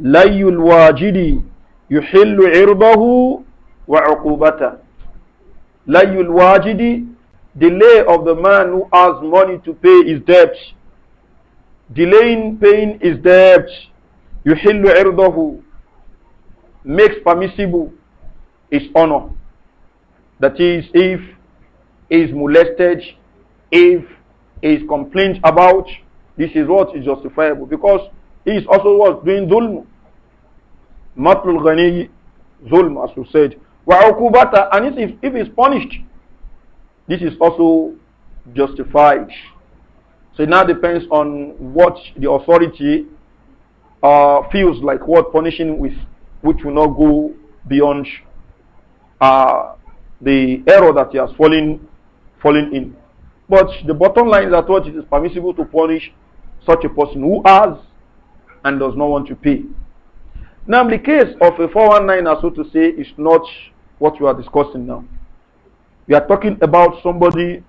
لي الواجد يحل عرضه وعقوبته لي الواجد delay of the man who has money to pay his debt. Delaying paying his debt. Yuhillu irdahu. Makes permissible his honor. That is, if he is molested, if he is complained about, this is what is justifiable. Because he is also what? Doing zulm. Matlul ghani zulm, as we said. Wa And if, if he is punished, this is also justified. So it now depends on what the authority uh, feels like, what punishing with, which will not go beyond uh, the error that he has fallen, fallen in. But the bottom line is that what it is permissible to punish such a person who has and does not want to pay. Now, the case of a 419, as so to say, is not what we are discussing now. We are talking about somebody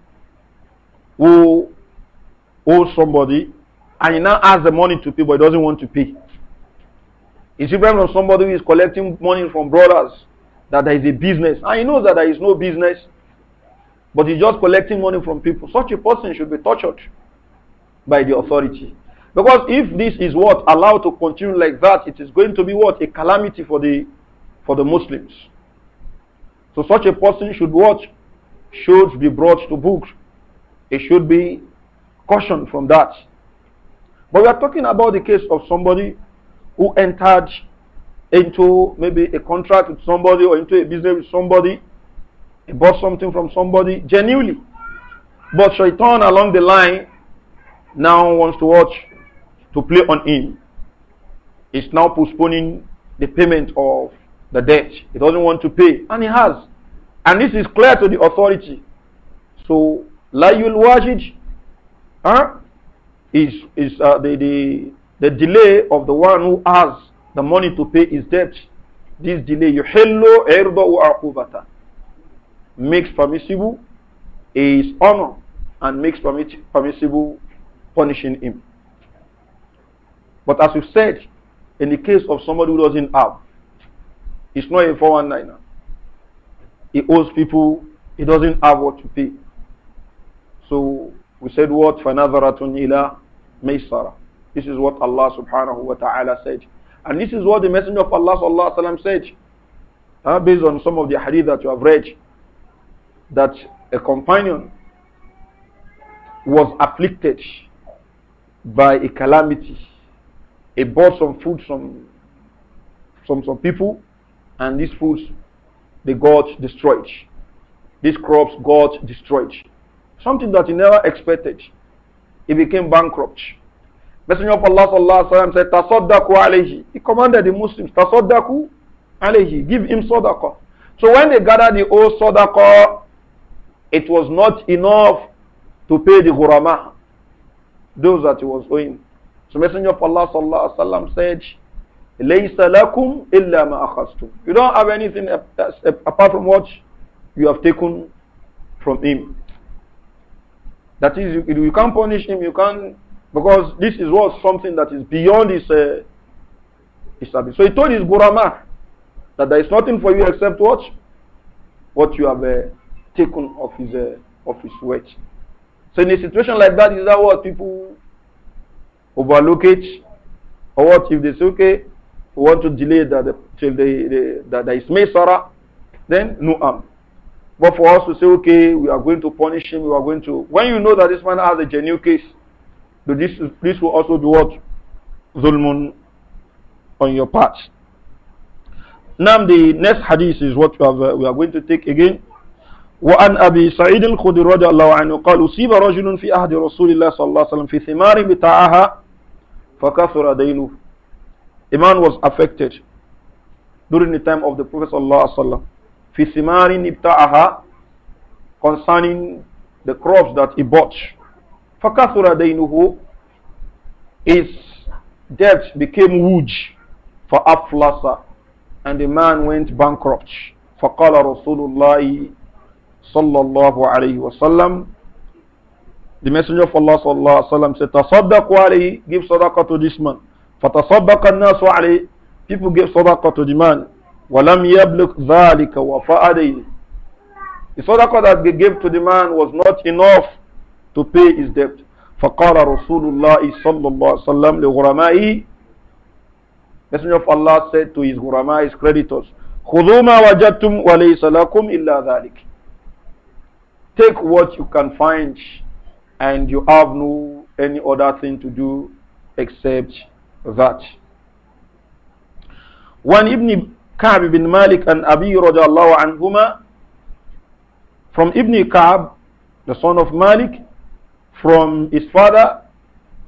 who owes somebody and he now has the money to pay but he doesn't want to pay. It's even from somebody who is collecting money from brothers that there is a business and he knows that there is no business but he's just collecting money from people. Such a person should be tortured by the authority. Because if this is what allowed to continue like that, it is going to be what? A calamity for the for the Muslims. So such a person should watch should be brought to books. It should be cautioned from that. But we are talking about the case of somebody who entered into maybe a contract with somebody or into a business with somebody, he bought something from somebody genuinely. But Shaitan along the line now wants to watch to play on him. He's now postponing the payment of the debt. He doesn't want to pay, and he has. And this is clear to the authority. So, Layul Wajid huh, is, is uh, the, the, the delay of the one who has the money to pay his debt. This delay, yuhillu irdahu akubata, makes permissible his honor and makes permit, permissible punishing him. But as you said, in the case of somebody who doesn't have, it's not a 419 he owes people, he doesn't have what to pay. So we said what? فَنَظَرَةٌ إِلَىٰ مَيْسَرَةٌ This is what Allah subhanahu wa ta'ala said. And this is what the Messenger of Allah sallallahu alayhi wa said. Uh, based on some of the hadith that you have read. That a companion was afflicted by a calamity. He bought some food from some, some people and these foods they got destroyed. These crops got destroyed. Something that he never expected. He became bankrupt. Messenger of Allah sallallahu alaihi said, "Tasaddaku alayhi." He commanded the Muslims, "Tasaddaku alayhi." Give him sadaqah. So when they gathered the old sadaqah, it was not enough to pay the ghurama, those that he was owing. So Messenger of Allah sallallahu alaihi said, you don't have anything apart from what you have taken from him. That is, you, you can't punish him, you can't, because this is what something that is beyond his, uh, his ability. So he told his Burama that there is nothing for you except what? What you have uh, taken of his, uh, of his weight. So in a situation like that, is that what people overlook it? Or what if they say, okay, we want to delay that till the, the, that there is Mesara, then no harm. But for us to say, okay, we are going to punish him, we are going to. When you know that this man has a genuine case, this, this will also be what? Zulmun on your part. Now the next hadith is what we, have, uh, we are going to take again. وعن أبي سعيد الخدري رضي الله عنه قال أصيب رجل في عهد رسول الله صلى الله عليه وسلم في ثمار بتاعها فكثر دينه a man was affected during the time of the Prophet sallallahu alaihi wasallam. concerning the crops that he bought. فَكَثُرَ دَيْنُهُ His debt became huge for aflasa and the man went bankrupt. فقال رسول الله صلى الله عليه وسلم The messenger of Allah صلى الله عليه وسلم said, تصدق عليه, give sadaqah to this man. فتصدق الناس عليه people give صدقة to the man ولم يبلغ ذلك وفاء The صدقة that they gave to the man was not enough to pay his debt. فقال رسول الله صلى الله عليه وسلم لغرمائه Messenger of Allah said to his غرماء, his creditors, خذوا ما وجدتم وليس لكم إلا ذلك. Take what you can find and you have no any other thing to do except ذات وان ابن كعب بن مالك ان ابي رضي الله عنهما from ابن كعب the son of مالك from his father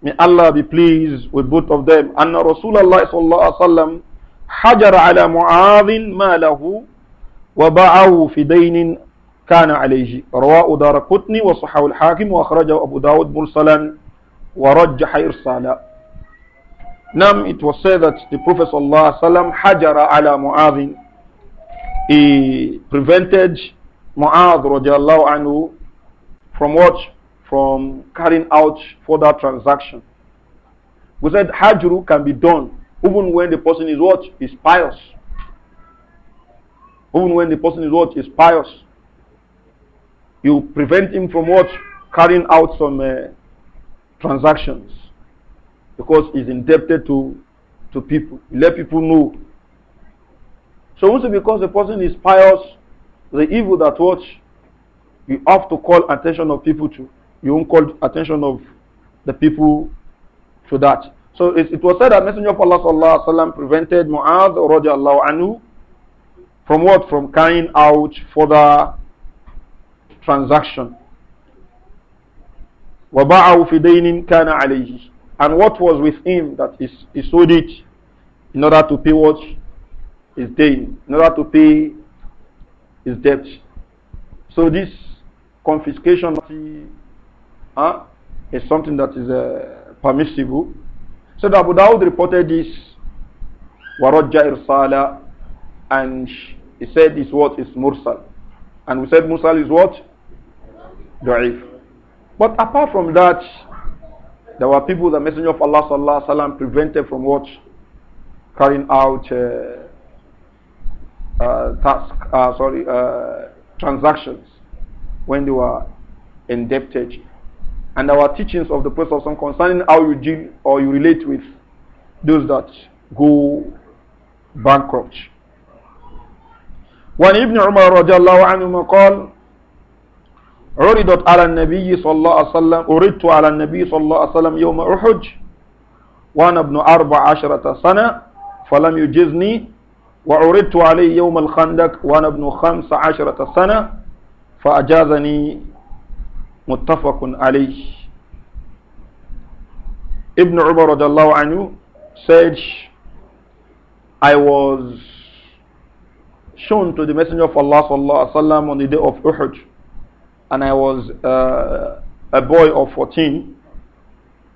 may Allah be pleased with both of them ان رسول الله صلى الله عليه وسلم حجر على معاذ ما له وباعه في دين كان عليه رواه دار قطني وصححه الحاكم واخرجه ابو داود مرسلا ورجح ارساله Nam, it was said that the Prophet ﷺ hajara ala Mu'adhin. He prevented Mu'adh radiallahu anhu from what? From carrying out further transaction. We said hajru can be done even when the person is what? Is pious. Even when the person is what? Is pious. You prevent him from what? Carrying out some uh, transactions because he's indebted to, to people. Let people know. So also because the person is pious, the evil that watch, you have to call attention of people to. You won't call attention of the people to that. So it, it was said that Messenger of Allah sallallahu alaihi wasallam prevented Mu'adh radiallahu anhu from what? From carrying out further transaction. وَبَعَهُ فِي دَيْنٍ كَانَ عَلَيْهِ and what was with him that he, he sold it in order to pay his day in order to pay his debt. So this confiscation uh, is something that is uh, permissible. So Abu Dawud reported this Warajja Irsala and he said is what is Mursal. And we said Mursal is what? Da'if. But apart from that, there were people the Messenger of Allah sallallahu alaihi wasallam prevented from what carrying out uh, uh, task, uh, sorry, uh, transactions when they were indebted. And our teachings of the Prophet concerning how you deal or you relate with those that go bankrupt. When Ibn Umar radiallahu anhu قال عرضت على النبي صلى الله عليه وسلم أردت على النبي صلى الله عليه وسلم يوم أحج وأنا ابن أربع عشرة سنة فلم يجزني وعرضت عليه يوم الخندق وأنا ابن خمس عشرة سنة فأجازني متفق عليه ابن عمر رضي الله عنه said, I was shown to the Messenger of Allah sallallahu alaihi wasallam on the day of Uhud. and I was uh, a boy of 14,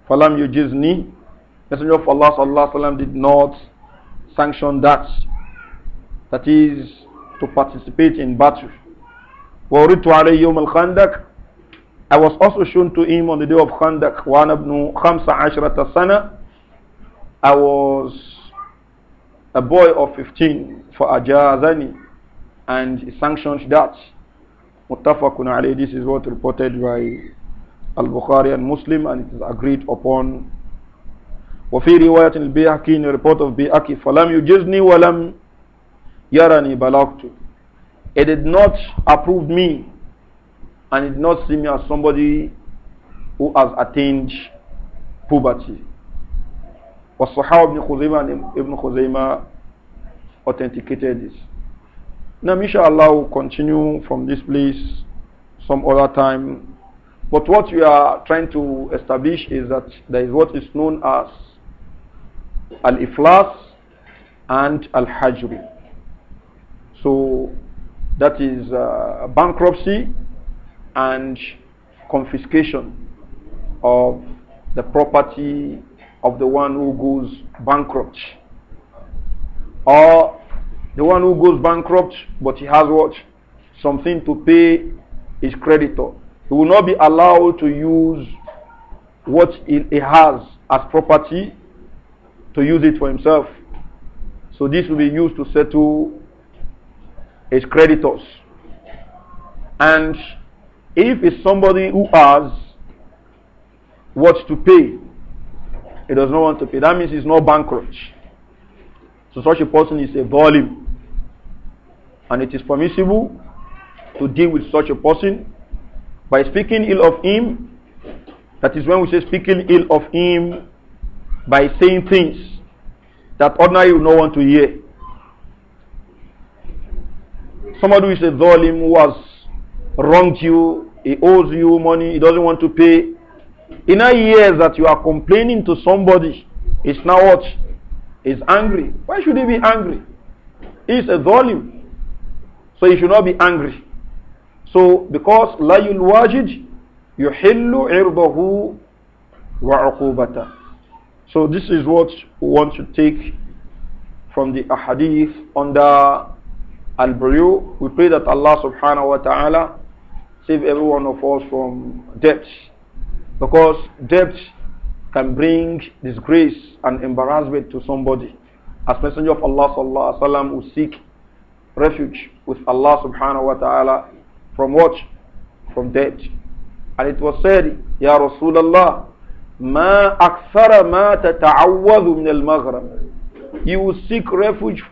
Falam Yujizni, Messenger of Allah sallallahu did not sanction that, that is to participate in battle. وَرِدْتُ عَلَيْهِ I was also shown to him on the day of Khandaq, وَأَنَا بْنُ خَمْسَ عَشْرَةَ tasana. I was a boy of 15 for Ajazani and he sanctioned that. Muttafaqun alayhi, this is what reported by Al-Bukhari and Muslim and it is agreed upon. وفي رواية البيهقي in the report of Bihaqi فلم يجزني ولم يرني بلغت It did not approve me and it did not see me as somebody who has attained puberty. والصحابة ابن خزيمة and Ibn Khuzaymah authenticated this. Now, Misha Allah will continue from this place some other time. But what we are trying to establish is that there is what is known as al-iflas and al-hajri. So that is uh, bankruptcy and confiscation of the property of the one who goes bankrupt or the one who goes bankrupt, but he has what? Something to pay his creditor. He will not be allowed to use what he has as property to use it for himself. So this will be used to settle his creditors. And if it's somebody who has what to pay, he does not want to pay. That means he's not bankrupt. So such a person is a volume and it is permissible to deal with such a person by speaking ill of him. That is when we say speaking ill of him by saying things that ordinarily would not want to hear. Somebody who is a zolim who has wronged you, he owes you money, he doesn't want to pay. In a year that you are complaining to somebody, it's now what? He's angry. Why should he be angry? He's a zolim. So you should not be angry. So because la yulwajid yuhillu irdahu wa uqubata. So this is what we want to take from the ahadith under al-buyu. We pray that Allah subhanahu wa ta'ala save every one of us from debts, Because debts can bring disgrace and embarrassment to somebody. As Messenger of Allah sallallahu alaihi wasallam will seek refuge with Allah subhanahu wa ta'ala from what? From death. And it was said, Ya Rasulullah, ma أكثر ما min al maghram. You will seek refuge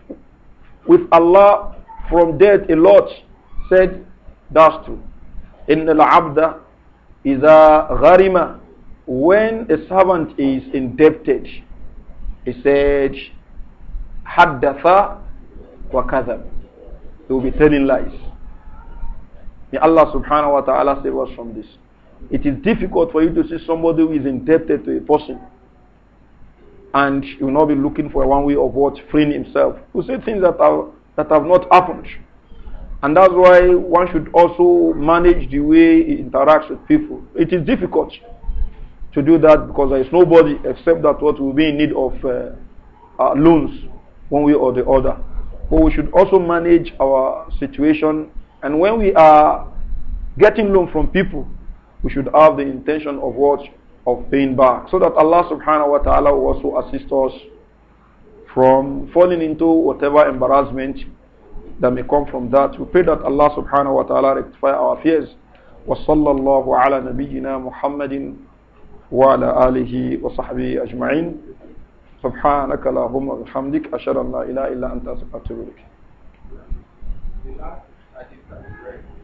with Allah from death a lot. Said, that's true. إن is a غرم When a servant is indebted, he said, wa وكذب they will be telling lies. May Allah subhanahu wa ta'ala save us from this. It is difficult for you to see somebody who is indebted to a person and you will not be looking for one way of what freeing himself. You say things that are that have not happened. And that's why one should also manage the way he interacts with people. It is difficult to do that because there is nobody except that what will be in need of uh, uh, loans one way or the other. But we should also manage our situation. And when we are getting loan from people, we should have the intention of what? Of paying back. So that Allah subhanahu wa ta'ala will also assist us from falling into whatever embarrassment that may come from that. We pray that Allah subhanahu wa ta'ala rectify our fears. وصلى الله على نبينا محمد وعلى آله وصحبه أجمعين سبحانك اللهم وبحمدك أشهد أن لا إله إلا أنت أستغفرك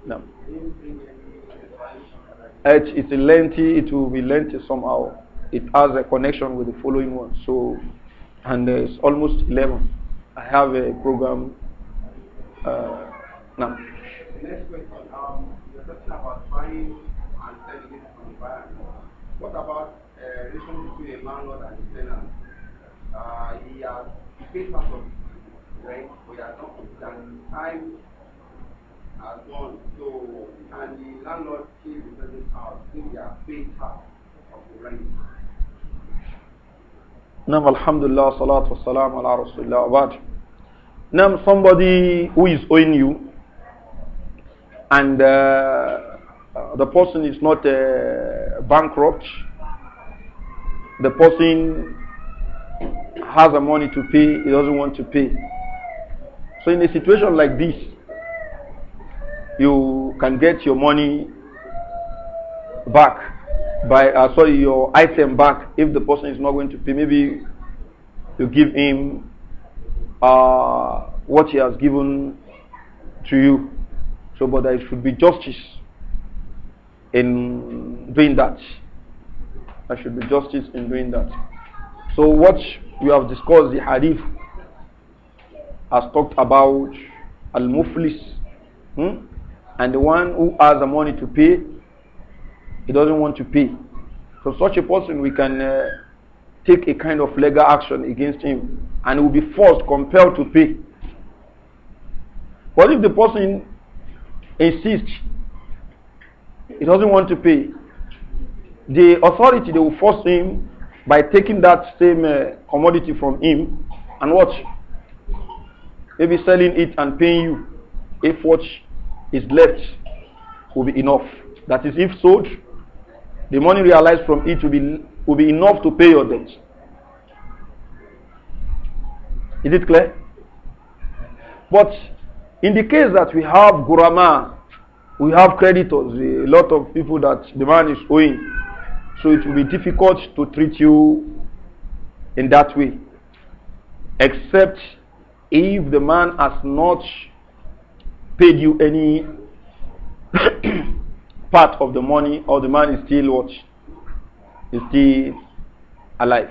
no. It, it's lengthy, it will be lengthy somehow. It has a connection with the following one. So, and it's almost 11. I have a program uh, now. Next question, um, you're talking about buying and selling it from the buyer. What about uh, relation between a landlord and a tenant? uh, he has paid part of his not time So, and the landlord came to the house, saying he of the rent. Nam alhamdulillah, ala Rasulullah. abad. Nam somebody who is owing you and uh, uh, the person is not uh, bankrupt, the person has the money to pay, he doesn't want to pay. So in a situation like this, you can get your money back by uh, sorry your item back if the person is not going to pay. Maybe you give him uh, what he has given to you. So, but there should be justice in doing that. There should be justice in doing that. So what we have discussed, the hadith has talked about al-muflis hmm? and the one who has the money to pay, he doesn't want to pay. So such a person, we can uh, take a kind of legal action against him and he will be forced, compelled to pay. But if the person insists, he doesn't want to pay, the authority, they will force him by taking that same uh, commodity from him and watch, Maybe selling it and paying you if what is left will be enough. That is, if sold, the money realized from it will be, will be enough to pay your debt. Is it clear? But in the case that we have gurama, we have creditors, a lot of people that the man is owing. So it will be difficult to treat you in that way. Except if the man has not paid you any <coughs> part of the money or the man is still what is still alive.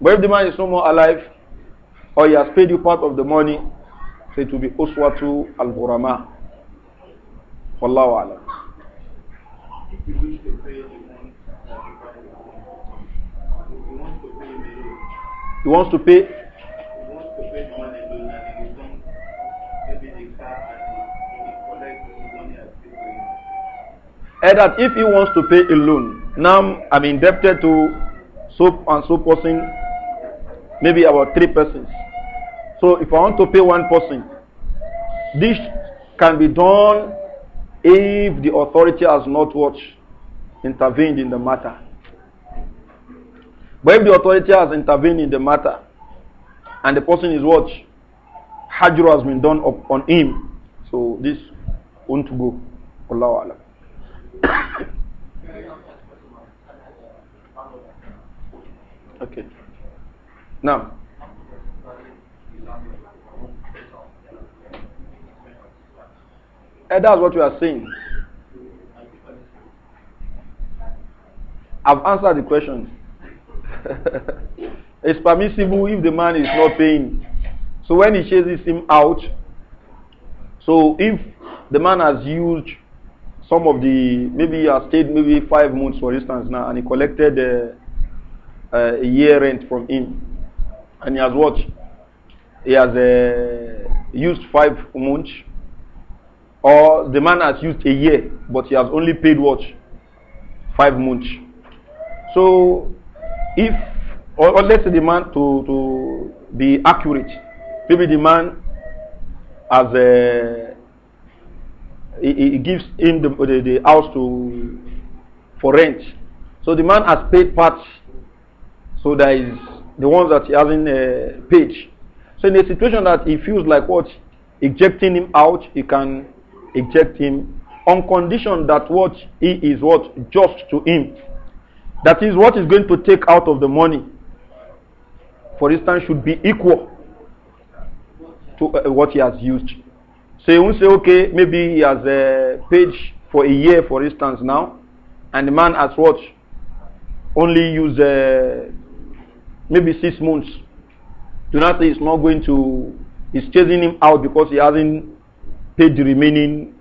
But if the man is no more alive or he has paid you part of the money, so it will be Uswatu al-Burama. Wallahu alam. He wants to pay. And that if he wants to pay a loan, now I'm indebted to soap and soap person, maybe about three persons. So if I want to pay one person, this can be done if the authority has not what intervened in the matter. But if the authority has intervened in the matter and the person is watched, Hajru has been done up on him. So this won't go. Allahu Alam. <coughs> okay. Now. And eh, that's what we are saying. I've answered the question. <laughs> it's permissible if the man is not paying. So when he chases him out, so if the man has used some of the, maybe he has stayed maybe five months for instance now, and he collected uh, uh, a year rent from him, and he has what? He has uh, used five months, or the man has used a year, but he has only paid what? Five months. So if, or, or let's say the man to, to be accurate, maybe the man as a, uh, he, he gives him the, the, the house to, for rent. So the man has paid part, so there is the ones that he hasn't uh, paid. So in a situation that he feels like what ejecting him out, he can eject him on condition that what he is what just to him. That is what is going to take out of the money. For instance, should be equal to uh, what he has used. So you won't say, okay, maybe he has uh, paid for a year, for instance, now, and the man has what? Only used uh, maybe six months. Do not say not going to, he's chasing him out because he hasn't paid the remaining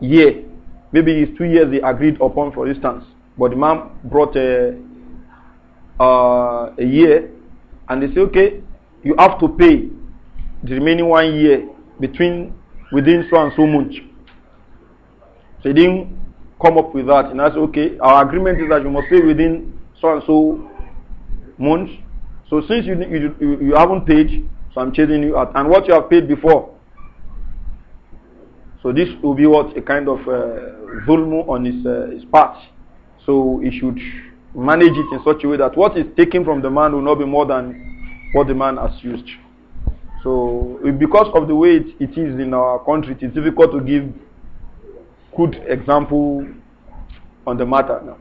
year. Maybe it's two years they agreed upon, for instance. But the man brought a, uh, a year and they say, okay, you have to pay the remaining one year between within so and so much. So he didn't come up with that. And I said, okay, our agreement is that you must pay within so and so months. So since you, you, you, haven't paid, so I'm chasing you out. And what you have paid before. So this will be what a kind of uh, zulmu on his, uh, his part. So he should manage it in such a way that what is taken from the man will not be more than what the man has used. So because of the way it, it is in our country, it is difficult to give good example on the matter now.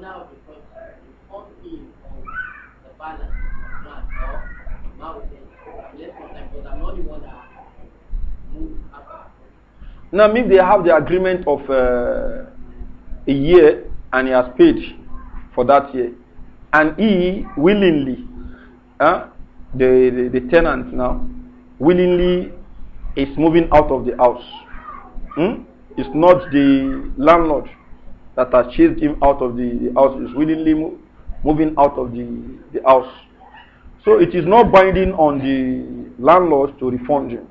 Now, Now, if they have the agreement of uh, a year and he has paid for that year, and he willingly, uh, the, the, the tenant now, willingly is moving out of the house. Hmm? It's not the landlord that has chased him out of the, the house, it's willingly mo moving out of the, the house. So it is not binding on the landlord to refund him.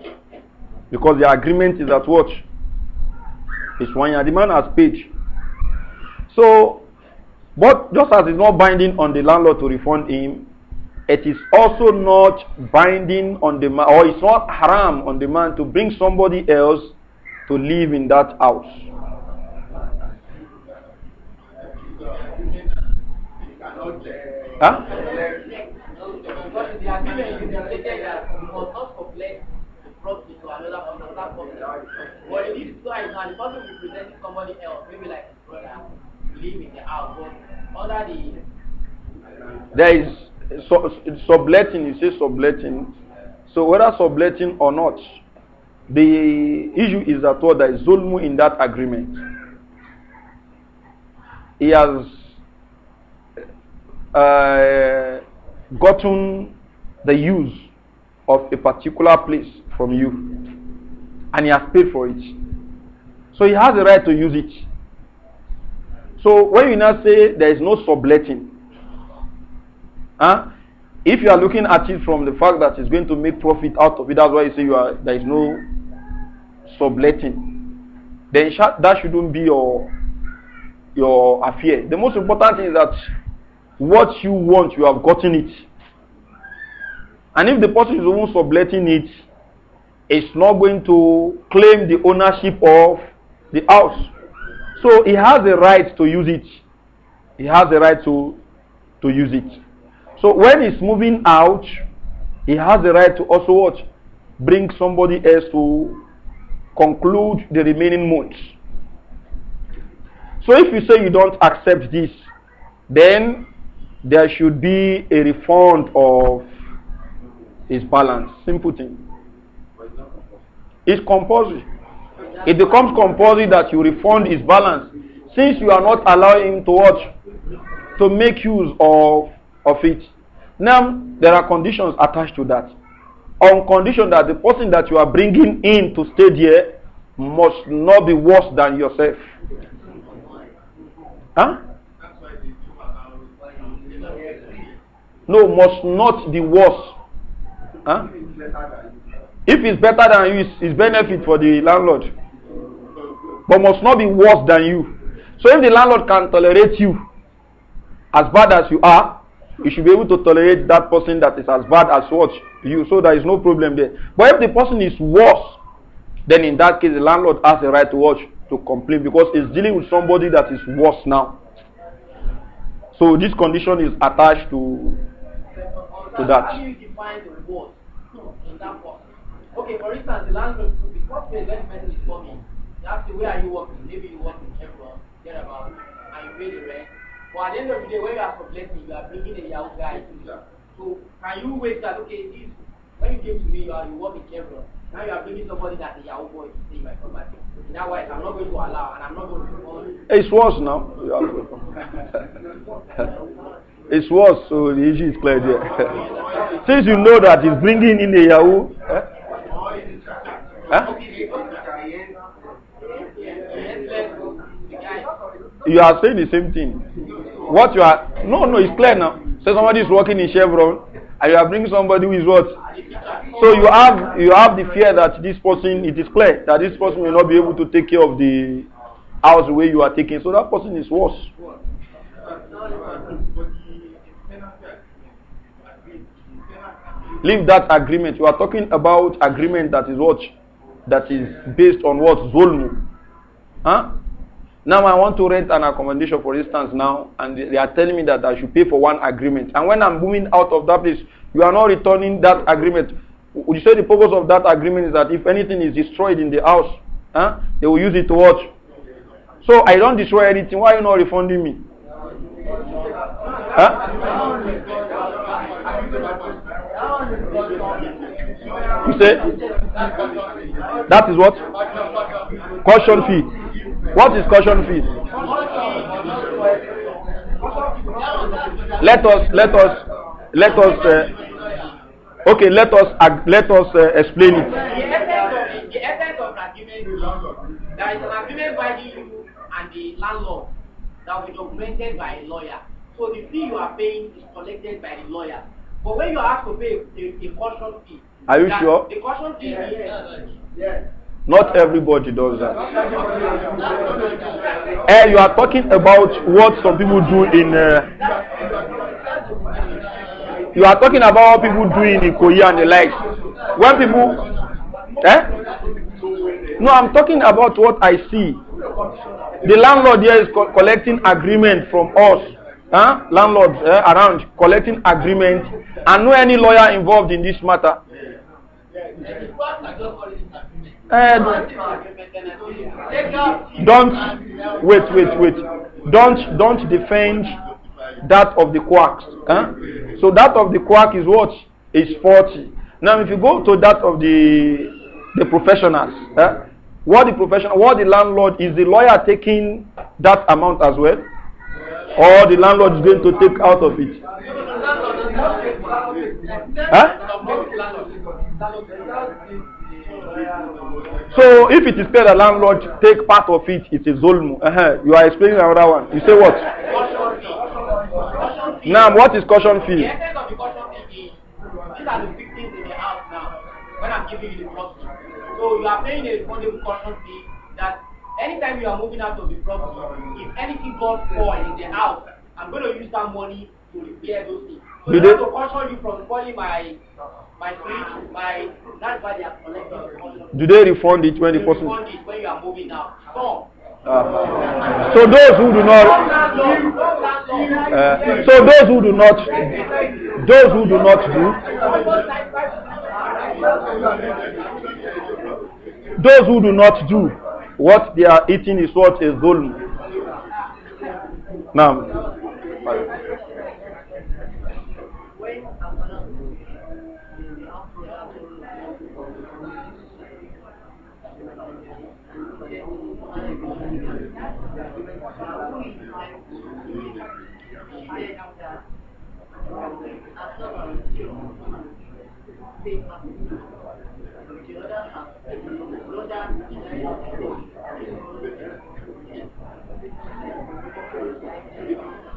Because the agreement is that what? It's one year. The man has paid. So, but just as it's not binding on the landlord to refund him, it is also not binding on the man, or it's not haram on the man to bring somebody else to live in that house. Huh? property to another property. But if this guy now the person representing somebody else, maybe like his brother, live in the house, but the there is so, subletting, you say subletting. So whether subletting or not, the issue is that what there is Zulmu in that agreement. He has uh, gotten the use of a particular place from you and he has paid for it. So he has the right to use it. So when you now say there is no subletting, huh? if you are looking at it from the fact that he's going to make profit out of it, that's why you say you are, there is no subletting. Then that shouldn't be your your affair. The most important thing is that what you want, you have gotten it. And if the person is even subletting it, is not going to claim the ownership of the house. So he has the right to use it. He has the right to, to use it. So when he's moving out, he has the right to also what? Bring somebody else to conclude the remaining months. So if you say you don't accept this, then there should be a refund of his balance. Simple thing. It's compulsory. It becomes compulsory that you refund his balance since you are not allowing him to watch, to make use of, of it. Now, there are conditions attached to that. On condition that the person that you are bringing in to stay there must not be worse than yourself. Huh? No, must not be worse. Huh? If it's better than you, it's benefit for the landlord. But must not be worse than you. So if the landlord can tolerate you as bad as you are, you should be able to tolerate that person that is as bad as what you. So there is no problem there. But if the person is worse, then in that case the landlord has the right to watch to complain because he's dealing with somebody that is worse now. So this condition is attached to to that. Okay, for instance, the landlord could be what way that person is working. They ask you, where are you working? Maybe you work in Chevron, thereabout, and you pay the rent. But at the end of the day, when you are complaining, you are bringing a Yahoo guy to you. So can you wait that, okay, this, when you came to me, you, are, you work in Chevron. Now you are bringing somebody that the Yahoo boy to stay my property. In that way, I'm not going to allow, and I'm not going to respond. It's worse now. <laughs> it's worse, so the issue is clear there. <laughs> Since you know that he's bringing in a Yahoo, eh? Huh? You are saying the same thing. What you are no no it's clear now. Say somebody is working in Chevron and you are bringing somebody who is what? So you have you have the fear that this person it is clear that this person will not be able to take care of the house the way you are taking. So that person is worse. Leave that agreement. You are talking about agreement that is what that is based on what? Zulmu. Huh? Now I want to rent an accommodation, for instance, now, and they are telling me that I should pay for one agreement. And when I'm moving out of that place, you are not returning that agreement. Would you say the purpose of that agreement is that if anything is destroyed in the house, huh, they will use it to watch? So I don't destroy anything. Why are you not refunding me? Huh? You say? That is what? Caution fee. What is caution fee? Let us, let us, let us, uh, okay, let us, uh, let us uh, explain it. The essence of agreement is there is an agreement by you and the landlord that will be documented by a lawyer. So the fee you are paying is collected by the lawyer. But when you have to pay a, a caution fee, are you sure? A caution fee yes. is yes. Not everybody does that. Eh, you are talking about what some people do in. Uh, you are talking about what people do in Korea and the like. When people, eh? No, I'm talking about what I see. The landlord here is co collecting agreement from us huh? landlords eh, around collecting agreement and no any lawyer involved in this matter. Uh, don't wait, wait, wait. Don't don't defend that of the quacks. Huh? So that of the quack is what is forty. Now, if you go to that of the the professionals, huh? what the professional, what the landlord is the lawyer taking that amount as well? or the landlord is going to take out of it? Huh? So if it is paid the landlord take part of it, it is zulm. Uh -huh. You are explaining another one. You say what? Now what is caution fee? The essence of the caution fee is these are the big things in the house now when I'm giving you the property. So you are paying a refundable caution fee that anytime you are moving out of the property, if anything goes fall in the house, I'm going to use that money to repair those things. So you have to caution you from calling my my fridge, my that's why they are collecting. Do they refund it when the person? Refund it when you are moving out. So, uh, ah. so those who do not uh, so those who do not those who do not do those who do not do what they are eating is what is zulm. Now,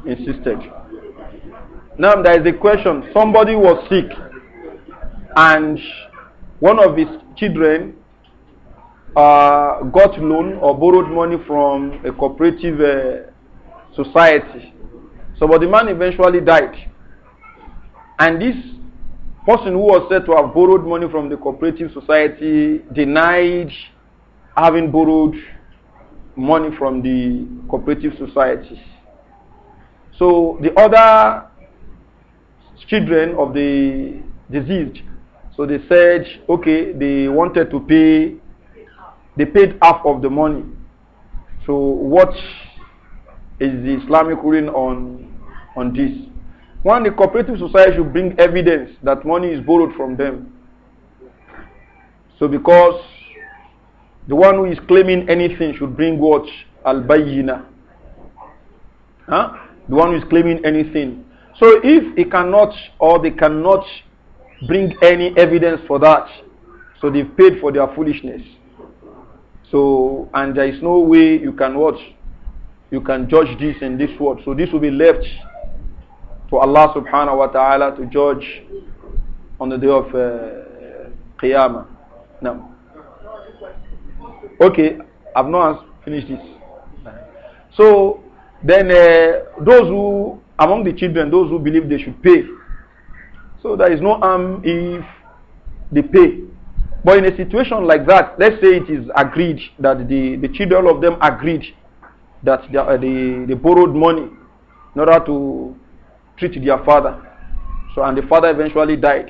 insisted. Now there is a question. Somebody was sick and one of his children uh, got loan or borrowed money from a cooperative uh, society. So but the man eventually died. And this person who was said to have borrowed money from the cooperative society denied having borrowed money from the cooperative society. So the other children of the deceased, so they said, okay, they wanted to pay, they paid half of the money. So what is the Islamic ruling on, on this? When the cooperative society should bring evidence that money is borrowed from them. So because the one who is claiming anything should bring what? Al-Bayyina. Huh? the one who is claiming anything. So if he cannot or they cannot bring any evidence for that, so they've paid for their foolishness. So and there is no way you can watch, you can judge this in this world. So this will be left to Allah Subhanahu wa Taala to judge on the day of uh, Qiyamah. Now, okay, I've not finished this. So then uh, those who, among the children, those who believe they should pay. So there is no harm if they pay. But in a situation like that, let's say it is agreed that the, the children of them agreed that they, uh, they, they borrowed money in order to treat their father. So, and the father eventually died.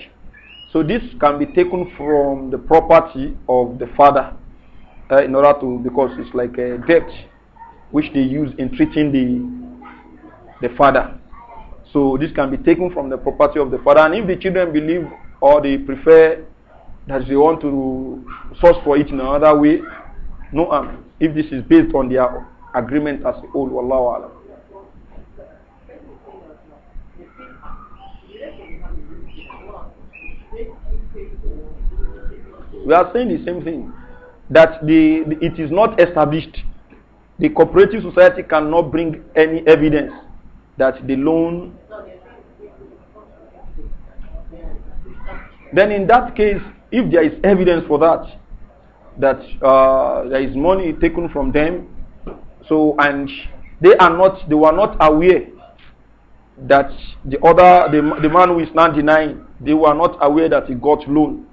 So this can be taken from the property of the father uh, in order to, because it's like a debt which they use in treating the, the father. So this can be taken from the property of the father. And if the children believe or they prefer that they want to source for it in another way, no harm. if this is based on their agreement as a whole, Wallahu alam. We are saying the same thing that the, the it is not established the cooperative society cannot bring any evidence that the loan. Then, in that case, if there is evidence for that, that uh, there is money taken from them, so and they are not, they were not aware that the other, the, the man who is now denying, they were not aware that he got loan.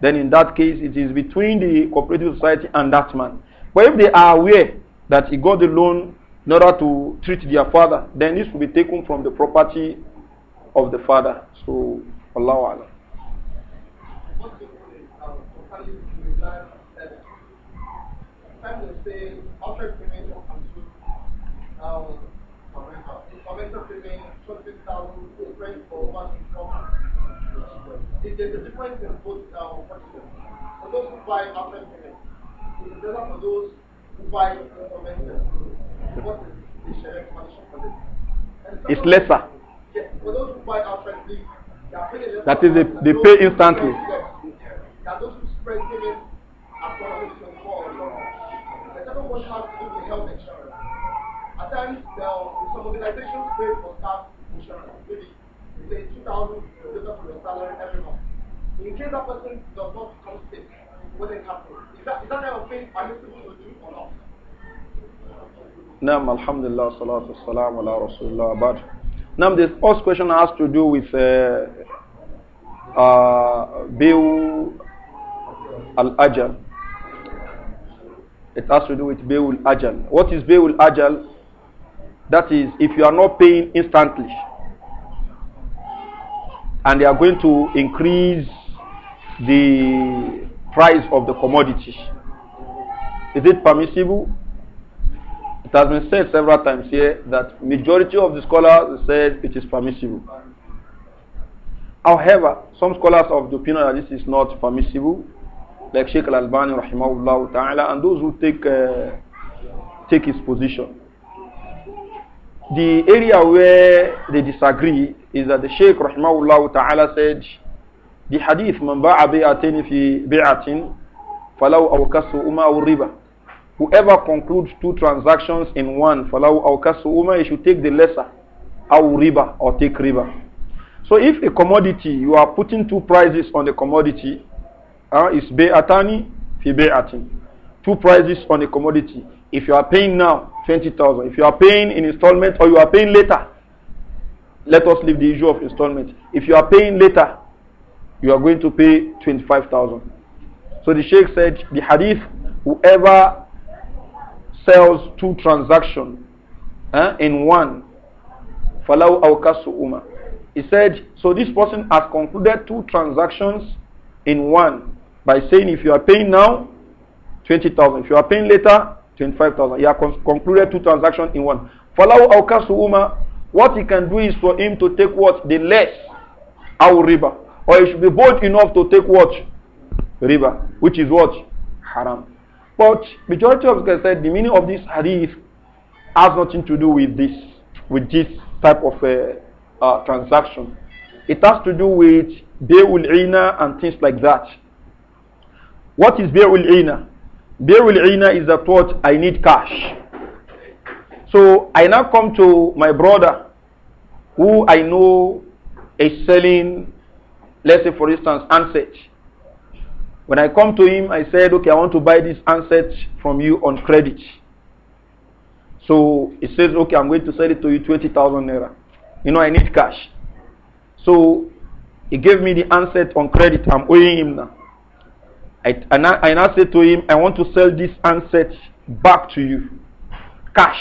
Then, in that case, it is between the cooperative society and that man. But if they are aware that he got the loan in order to treat their father, then this will be taken from the property of the father. So, Allah Allah. There's a difference in both uh, For those who buy after payment, it's better for those it's lesser. that is, they, they pay instantly. The case does not come sick, would that, is that Nam, alhamdulillah, salatu salam ala rasulullah. But now this first question has to do with uh, uh, Bill al-Ajal. It has to do with bill Ajal. What is bill Ajal? That is, if you are not paying instantly, and they are going to increase the price of the commodity. Is it permissible? It has been said several times here that majority of the scholars said it is permissible. However, some scholars of the opinion that this is not permissible, like Sheikh Al-Albani rahimahullah ta'ala, and those who take, uh, take his position. The area where they disagree is that the Sheikh rahimahullah ta'ala said the hadith, man ba'a bi'atin fi bi'atin falau aw uma riba. Whoever concludes two transactions in one, falau aw uma, he should take the lesser, aw riba, or take riba. So if a commodity, you are putting two prices on the commodity, uh, it's bi'atani fi bi'atin. Two prices on a commodity. If you are paying now, 20,000. If you are paying in installment or you are paying later, let us leave the issue of installment. If you are paying later, you are going to pay 25,000. So the sheikh said, the hadith, whoever sells two transactions eh, in one, falau awkasu umma. He said, so this person has concluded two transactions in one by saying if you are paying now, 20,000. If you are paying later, 25,000. He has concluded two transactions in one. Falau awkasu umma. What he can do is for him to take what? The less, our riba. Or you should be bold enough to take what? river which is what? Haram. But majority of scholars said the meaning of this hadith has nothing to do with this, with this type of uh, uh, transaction. It has to do with Be'ul Ina and things like that. What is Be'ul Ina? Be'ul Ina is that what I need cash. So I now come to my brother who I know is selling Let's say, for instance, handset. When I come to him, I said, okay, I want to buy this handset from you on credit. So he says, okay, I'm going to sell it to you 20,000 naira. You know, I need cash. So he gave me the handset on credit. I'm owing him now. I, and I, I now said to him, I want to sell this handset back to you. Cash.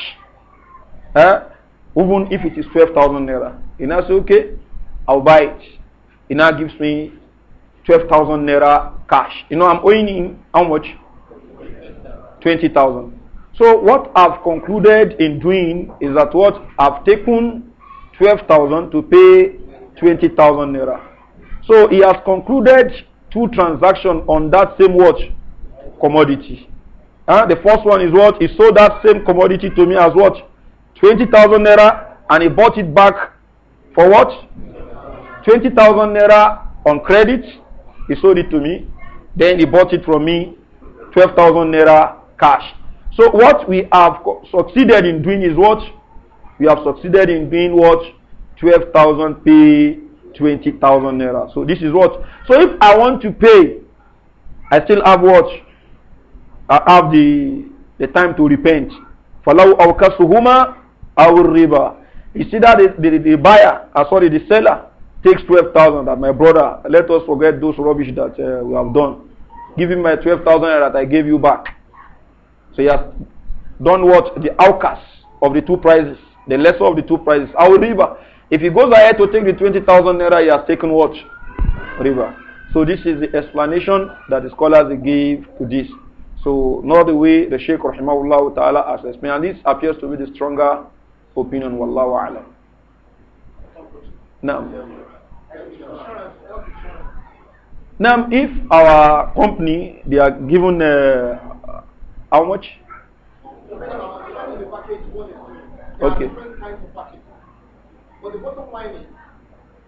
Eh? Even if it is 12,000 naira. He now said, okay, I'll buy it. He now gives me 12,000 naira cash. You know, I'm owing him how much? 20,000. So what I've concluded in doing is that what I've taken 12,000 to pay 20,000 naira. So he has concluded two transactions on that same watch commodity. Uh, the first one is what? He sold that same commodity to me as what? 20,000 naira and he bought it back for what? 20,000 naira on credit. He sold it to me. Then he bought it from me, 12,000 naira cash. So what we have succeeded in doing is what? We have succeeded in doing what? 12,000 pay 20,000 naira. So this is what? So if I want to pay, I still have what? I have the, the time to repent. فَلَوْ أَوْكَسُهُمَا our river. You see that the, the, the buyer, uh, sorry, the seller, takes 12,000 that my brother, let us forget those rubbish that uh, we have done. Give him my 12,000 that I gave you back. So he has done what? The outcast of the two prizes, the lesser of the two prizes. Our river. If he goes ahead to take the 20,000 naira, he has taken what? River. So this is the explanation that the scholars give to this. So not the way the Sheikh Rahimahullah Ta'ala has explained. And this appears to be the stronger opinion. Wallahu A'lam. Now. Now, if our company, they are given uh, how much? Okay. But the bottom line is,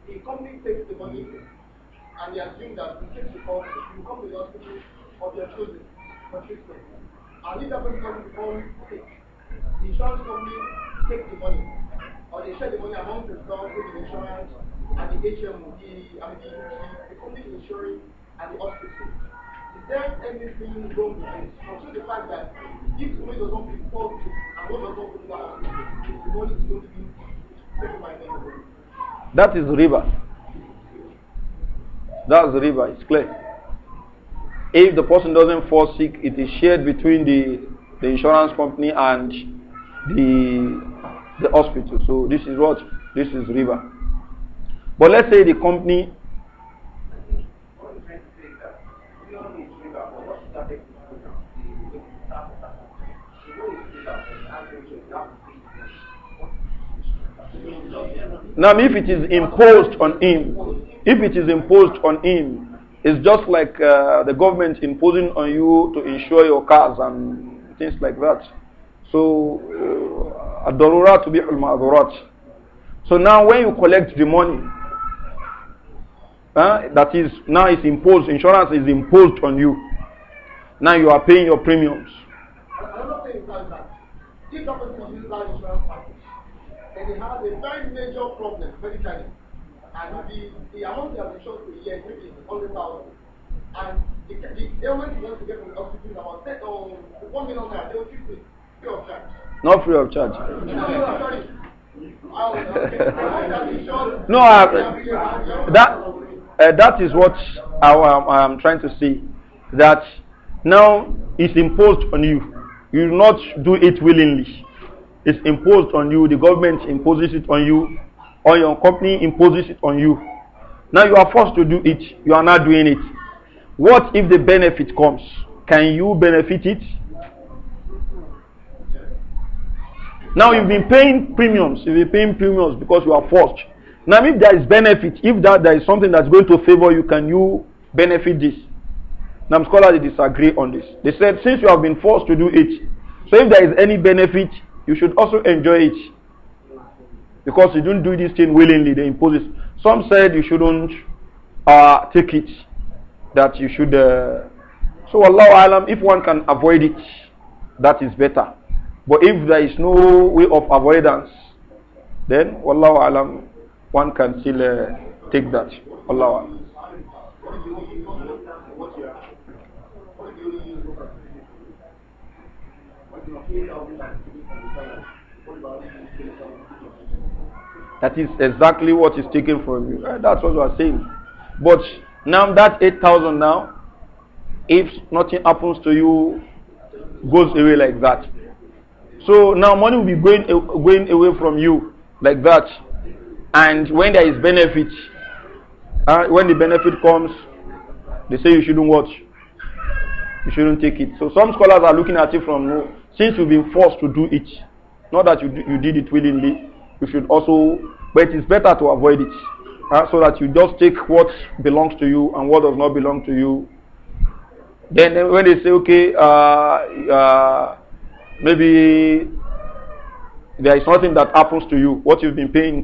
the money and they that come, to the hospital of children insurance company the money or they share the money among the doctors, the insurance, and the HM I mean, the, the, the company insurance and the hospital. Is there anything wrong with this? Consider the fact that if the money does not pay for and what does not the money is going to be taken by anybody. That is river. That's river. it's clear. If the person doesn't fall sick, it is shared between the, the insurance company and the the hospital. So this is what? This is river. But let's say the company. Now, if it is imposed on him, if it is imposed on him, it's just like uh, the government imposing on you to insure your cars and things like that. So, adorurat to be al So now, when you collect the money, uh, that is now is imposed. Insurance is imposed on you. Now you are paying your premiums. I'm not saying that. that insurance package, and have a very major problem medically, and the, the amount they have insured per year is hundred thousand, and the, the government wants to get from the hospital is about ten or one million they free of charge. Not free of charge. <laughs> no, I, that uh, that is what I, am trying to say. That now it's imposed on you. You do not do it willingly. It's imposed on you. The government imposes it on you, or your company imposes it on you. Now you are forced to do it. You are not doing it. What if the benefit comes? Can you benefit it? Now you've been paying premiums. You've been paying premiums because you are forced. Now, if there is benefit, if that there is something that's going to favor you, can you benefit this? Now, scholars disagree on this. They said, since you have been forced to do it, so if there is any benefit, you should also enjoy it. Because you don't do this thing willingly, they impose it. Some said you shouldn't uh, take it, that you should. Uh, so, Allah Alam, if one can avoid it, that is better. But if there is no way of avoidance, then Allah Alam, one can still uh, take that. Allah. That is exactly what is taken from you. Uh, that's what we are saying. But now that 8,000 now, if nothing happens to you, goes away like that. So now money will be going, uh, going away from you like that. And when there is benefit, uh, when the benefit comes, they say you shouldn't watch. You shouldn't take it. So some scholars are looking at it from oh, since you've been forced to do it, not that you, you did it willingly, you should also, but it is better to avoid it. Uh, so that you just take what belongs to you and what does not belong to you. Then when they say, okay, uh, uh, maybe there is nothing that happens to you, what you've been paying,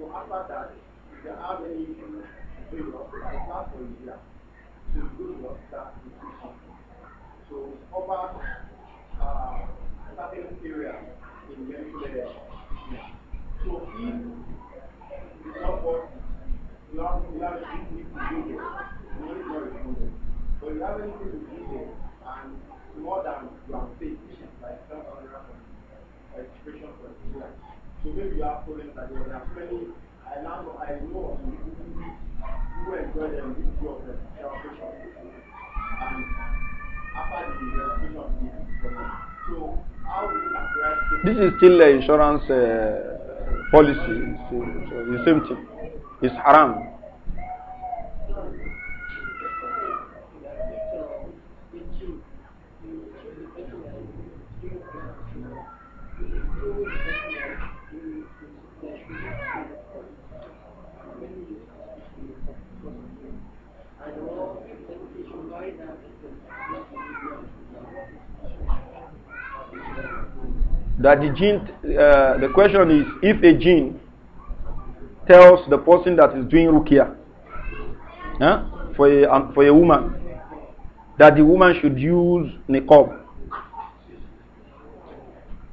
So after that, if you have any good luck, like last one year, to that nutrition. So over uh, certain area in mental So if you have what you have, you have anything to do there, you know it's not So But you have anything to do there, and more than you have paid, like 700 like expression for the So maybe you have problems that there are many I know I know of people who enjoy them with your respiration and after the respiration So how will you address this is still the insurance uh, policy, it's, uh, the same thing. It's haram. That the gene, uh, the question is if a jinn tells the person that is doing rukia huh, for, a, um, for a woman that the woman should use niqab.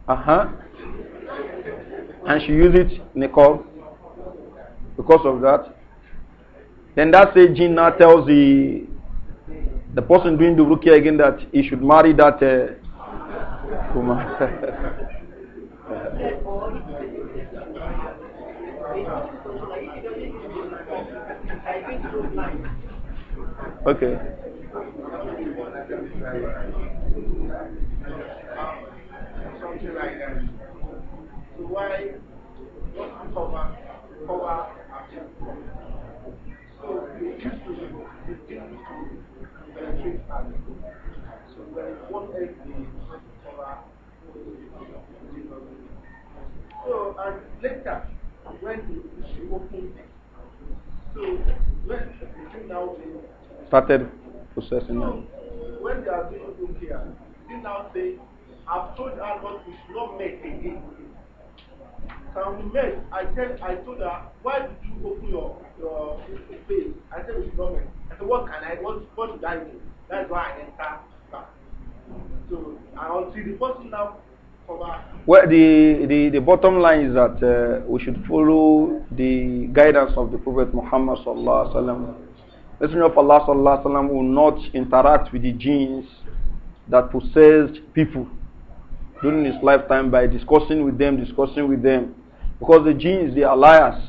Uh huh. And she use it niqab because of that. Then that same jinn now tells the the person doing the rookie again that he should marry that uh, woman. <laughs> okay. Something like that. So why So, and later, when she opened it, so when she now started processing so, When they are doing room care, she now say, I've told her what we should not make again. Can we make? I tell, I told her, why did you open your your face? I said we should not make. I said, what can I? What what should I do? That's why I enter back. So, and until the person now well, the, the, the bottom line is that uh, we should follow the guidance of the Prophet Muhammad sallallahu alaihi wasallam. Messenger of Allah sallallahu alaihi wasallam will not interact with the genes that possessed people during his lifetime by discussing with them, discussing with them, because the jinns they are liars.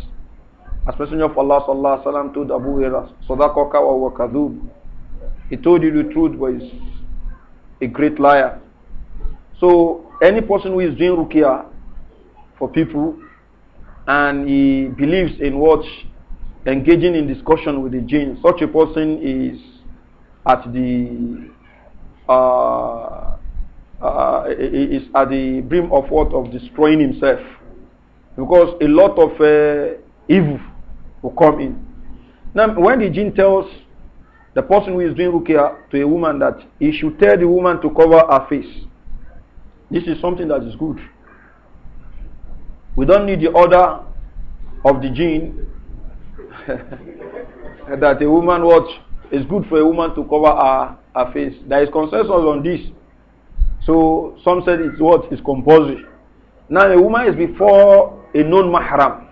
As Messenger of Allah sallallahu alaihi wasallam told Abu Hurairah, "Sadaqa wa kadhub." He told you the truth, but he's a great liar. So any person who is doing rukia for people and he believes in what engaging in discussion with the jinn, such a person is at the uh, uh, is at the brim of what of destroying himself because a lot of uh, evil will come in. Now, when the jinn tells the person who is doing ruqya to a woman that he should tell the woman to cover her face. This is something that is good. We don't need the order of the jinn <laughs> that a woman watch It's good for a woman to cover her, her face. There is consensus on this. So some said it's what is compulsory. Now a woman is before a known mahram.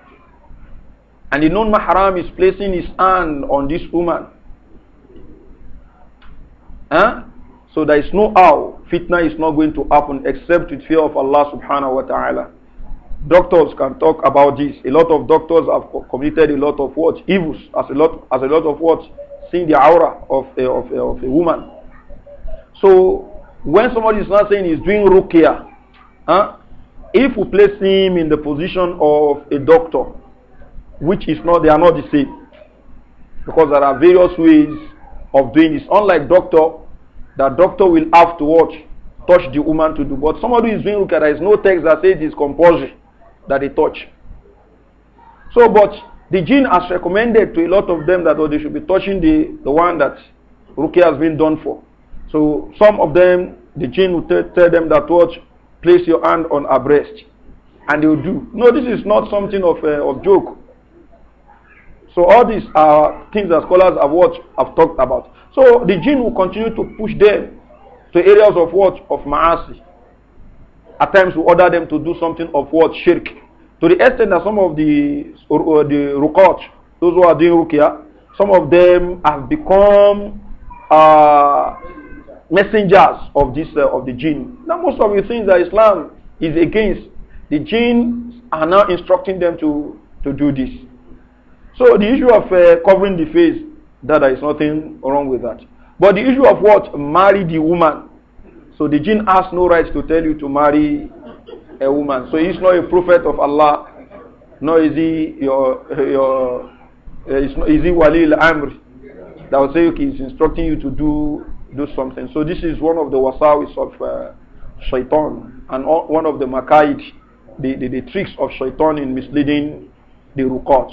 And the known mahram is placing his hand on this woman. Huh? So there is no how. Fitna is not going to happen except with fear of Allah subhanahu wa ta'ala. Doctors can talk about this. A lot of doctors have committed a lot of what? Evils. As a lot, as a lot of what? Seeing the aura of a, of, a, of a woman. So when somebody is not saying he's doing rukia, huh? if we place him in the position of a doctor, which is not, they are not the same. Because there are various ways of doing this. Unlike doctor, that doctor will have to watch, touch the woman to do. But somebody is doing rukia. there is no text that says it is compulsory that they touch. So, but the jinn has recommended to a lot of them that oh, they should be touching the, the one that rukia has been done for. So some of them, the jinn will tell them that watch, place your hand on her breast. And they will do. No, this is not something of uh, of joke. So all these are things that scholars have watched, have talked about. So the jinn will continue to push them to areas of what? Of ma'asi. At times we order them to do something of what? Shirk. To the extent that some of the, uh, the ruqat, those who are doing rukia, some of them have become uh, messengers of this uh, of the jinn. Now most of the things that Islam is against, the jinn are now instructing them to, to do this. So the issue of uh, covering the face, that there is nothing wrong with that. But the issue of what? Marry the woman. So the jinn has no right to tell you to marry a woman. So he's not a prophet of Allah, nor is he your, your uh, is, is he Wali al-Amr that will say, okay, he's instructing you to do, do something. So this is one of the wasawis of uh, shaitan and all, one of the makaid, the, the, the, tricks of shaitan in misleading the ruqat.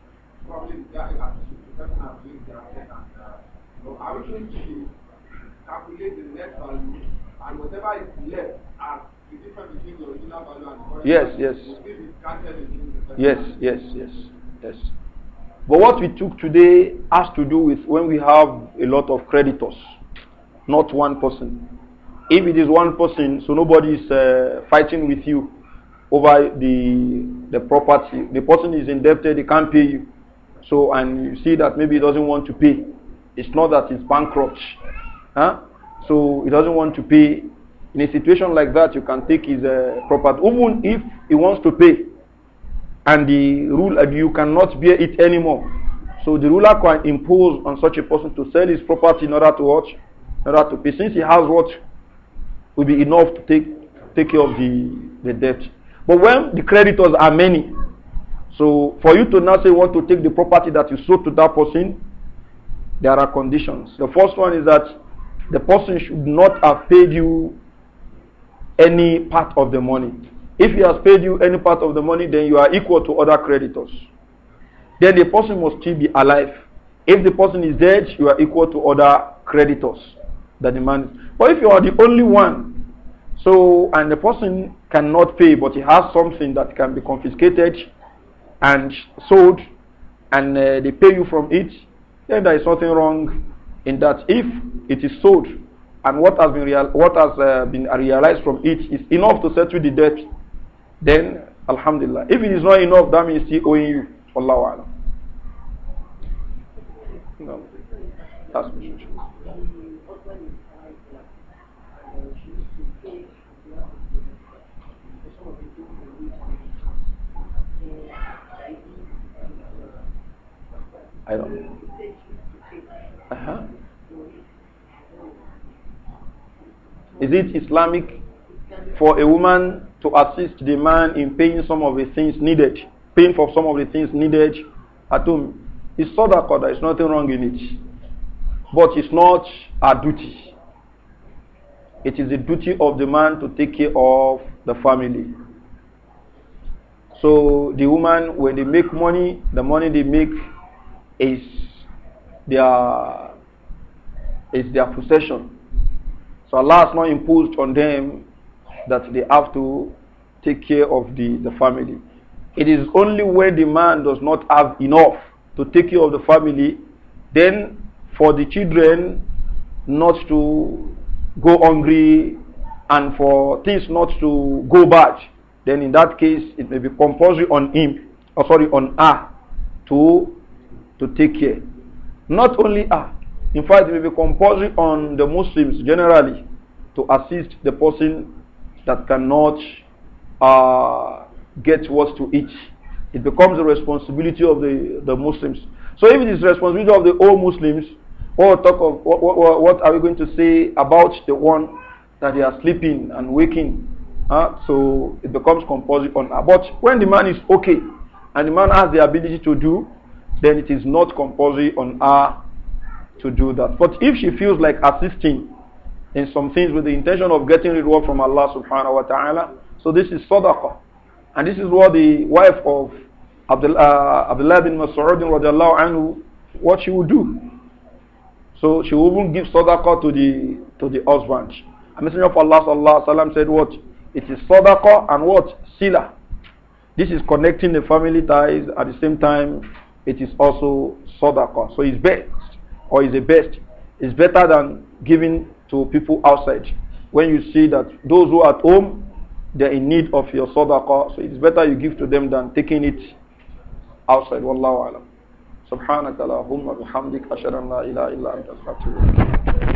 probably that attitude doesn't have been there and uh, so I was going to calculate the net value and whatever is left as the difference between the original value and the current value yes. will Yes, yes, yes, yes. But what we took today has to do with when we have a lot of creditors, not one person. If it is one person, so nobody is uh, fighting with you over the the property. The person is indebted, he can't pay you. So, and you see that maybe he doesn't want to pay. It's not that he's bankrupt. Huh? So, he doesn't want to pay. In a situation like that, you can take his uh, property, even if he wants to pay. And the rule, uh, you cannot bear it anymore. So, the ruler can impose on such a person to sell his property in order to what? In order to pay. Since he has what? Will be enough to take, take care of the, the debt. But when the creditors are many, so for you to now say you want to take the property that you sold to that person, there are conditions. The first one is that the person should not have paid you any part of the money. If he has paid you any part of the money, then you are equal to other creditors. Then the person must still be alive. If the person is dead, you are equal to other creditors that demand. But if you are the only one, so and the person cannot pay, but he has something that can be confiscated, and sold and uh, they pay you from it, then there is nothing wrong in that. If it is sold and what has been, real, what has, uh, been realized from it is enough to settle the debt, then Alhamdulillah. If it is not enough, that means he owing you. Allah alam. No. That's what I don't. Uh huh. Is it Islamic for a woman to assist the man in paying some of the things needed, paying for some of the things needed at home? It's sadaqah. There's nothing wrong in it, but it's not a duty. It is the duty of the man to take care of the family. So the woman, when they make money, the money they make is their is their possession. So Allah has not imposed on them that they have to take care of the, the family. It is only when the man does not have enough to take care of the family, then for the children not to go hungry and for things not to go bad, then in that case it may be compulsory on him, or oh, sorry, on her to to take care. Not only ah. In fact, it will be compulsory on the Muslims generally to assist the person that cannot uh, get what to eat. It becomes the responsibility of the, the Muslims. So if it is responsibility of the all Muslims, or talk of what, what, what, are we going to say about the one that they are sleeping and waking? Uh, so it becomes compulsory on her. But when the man is okay and the man has the ability to do, then it is not compulsory on her to do that. But if she feels like assisting in some things with the intention of getting reward from Allah subhanahu wa ta'ala, so this is sadaqah. And this is what the wife of Abdul, uh, Abdullah bin Mas'ud anhu, what she would do. So she wouldn't give sadaqah to the, to the husband. A messenger of Allah sallallahu sallam said what? It is sadaqah and what? Sila. This is connecting the family ties at the same time it is also sadaqah. So it's best, or is the best. It's better than giving to people outside. When you see that those who are at home, they're in need of your sadaqah, so it's better you give to them than taking it outside. Wallahu alam. سبحانك اللهم وبحمدك أشهد أن لا إله إلا أنت أستغفرك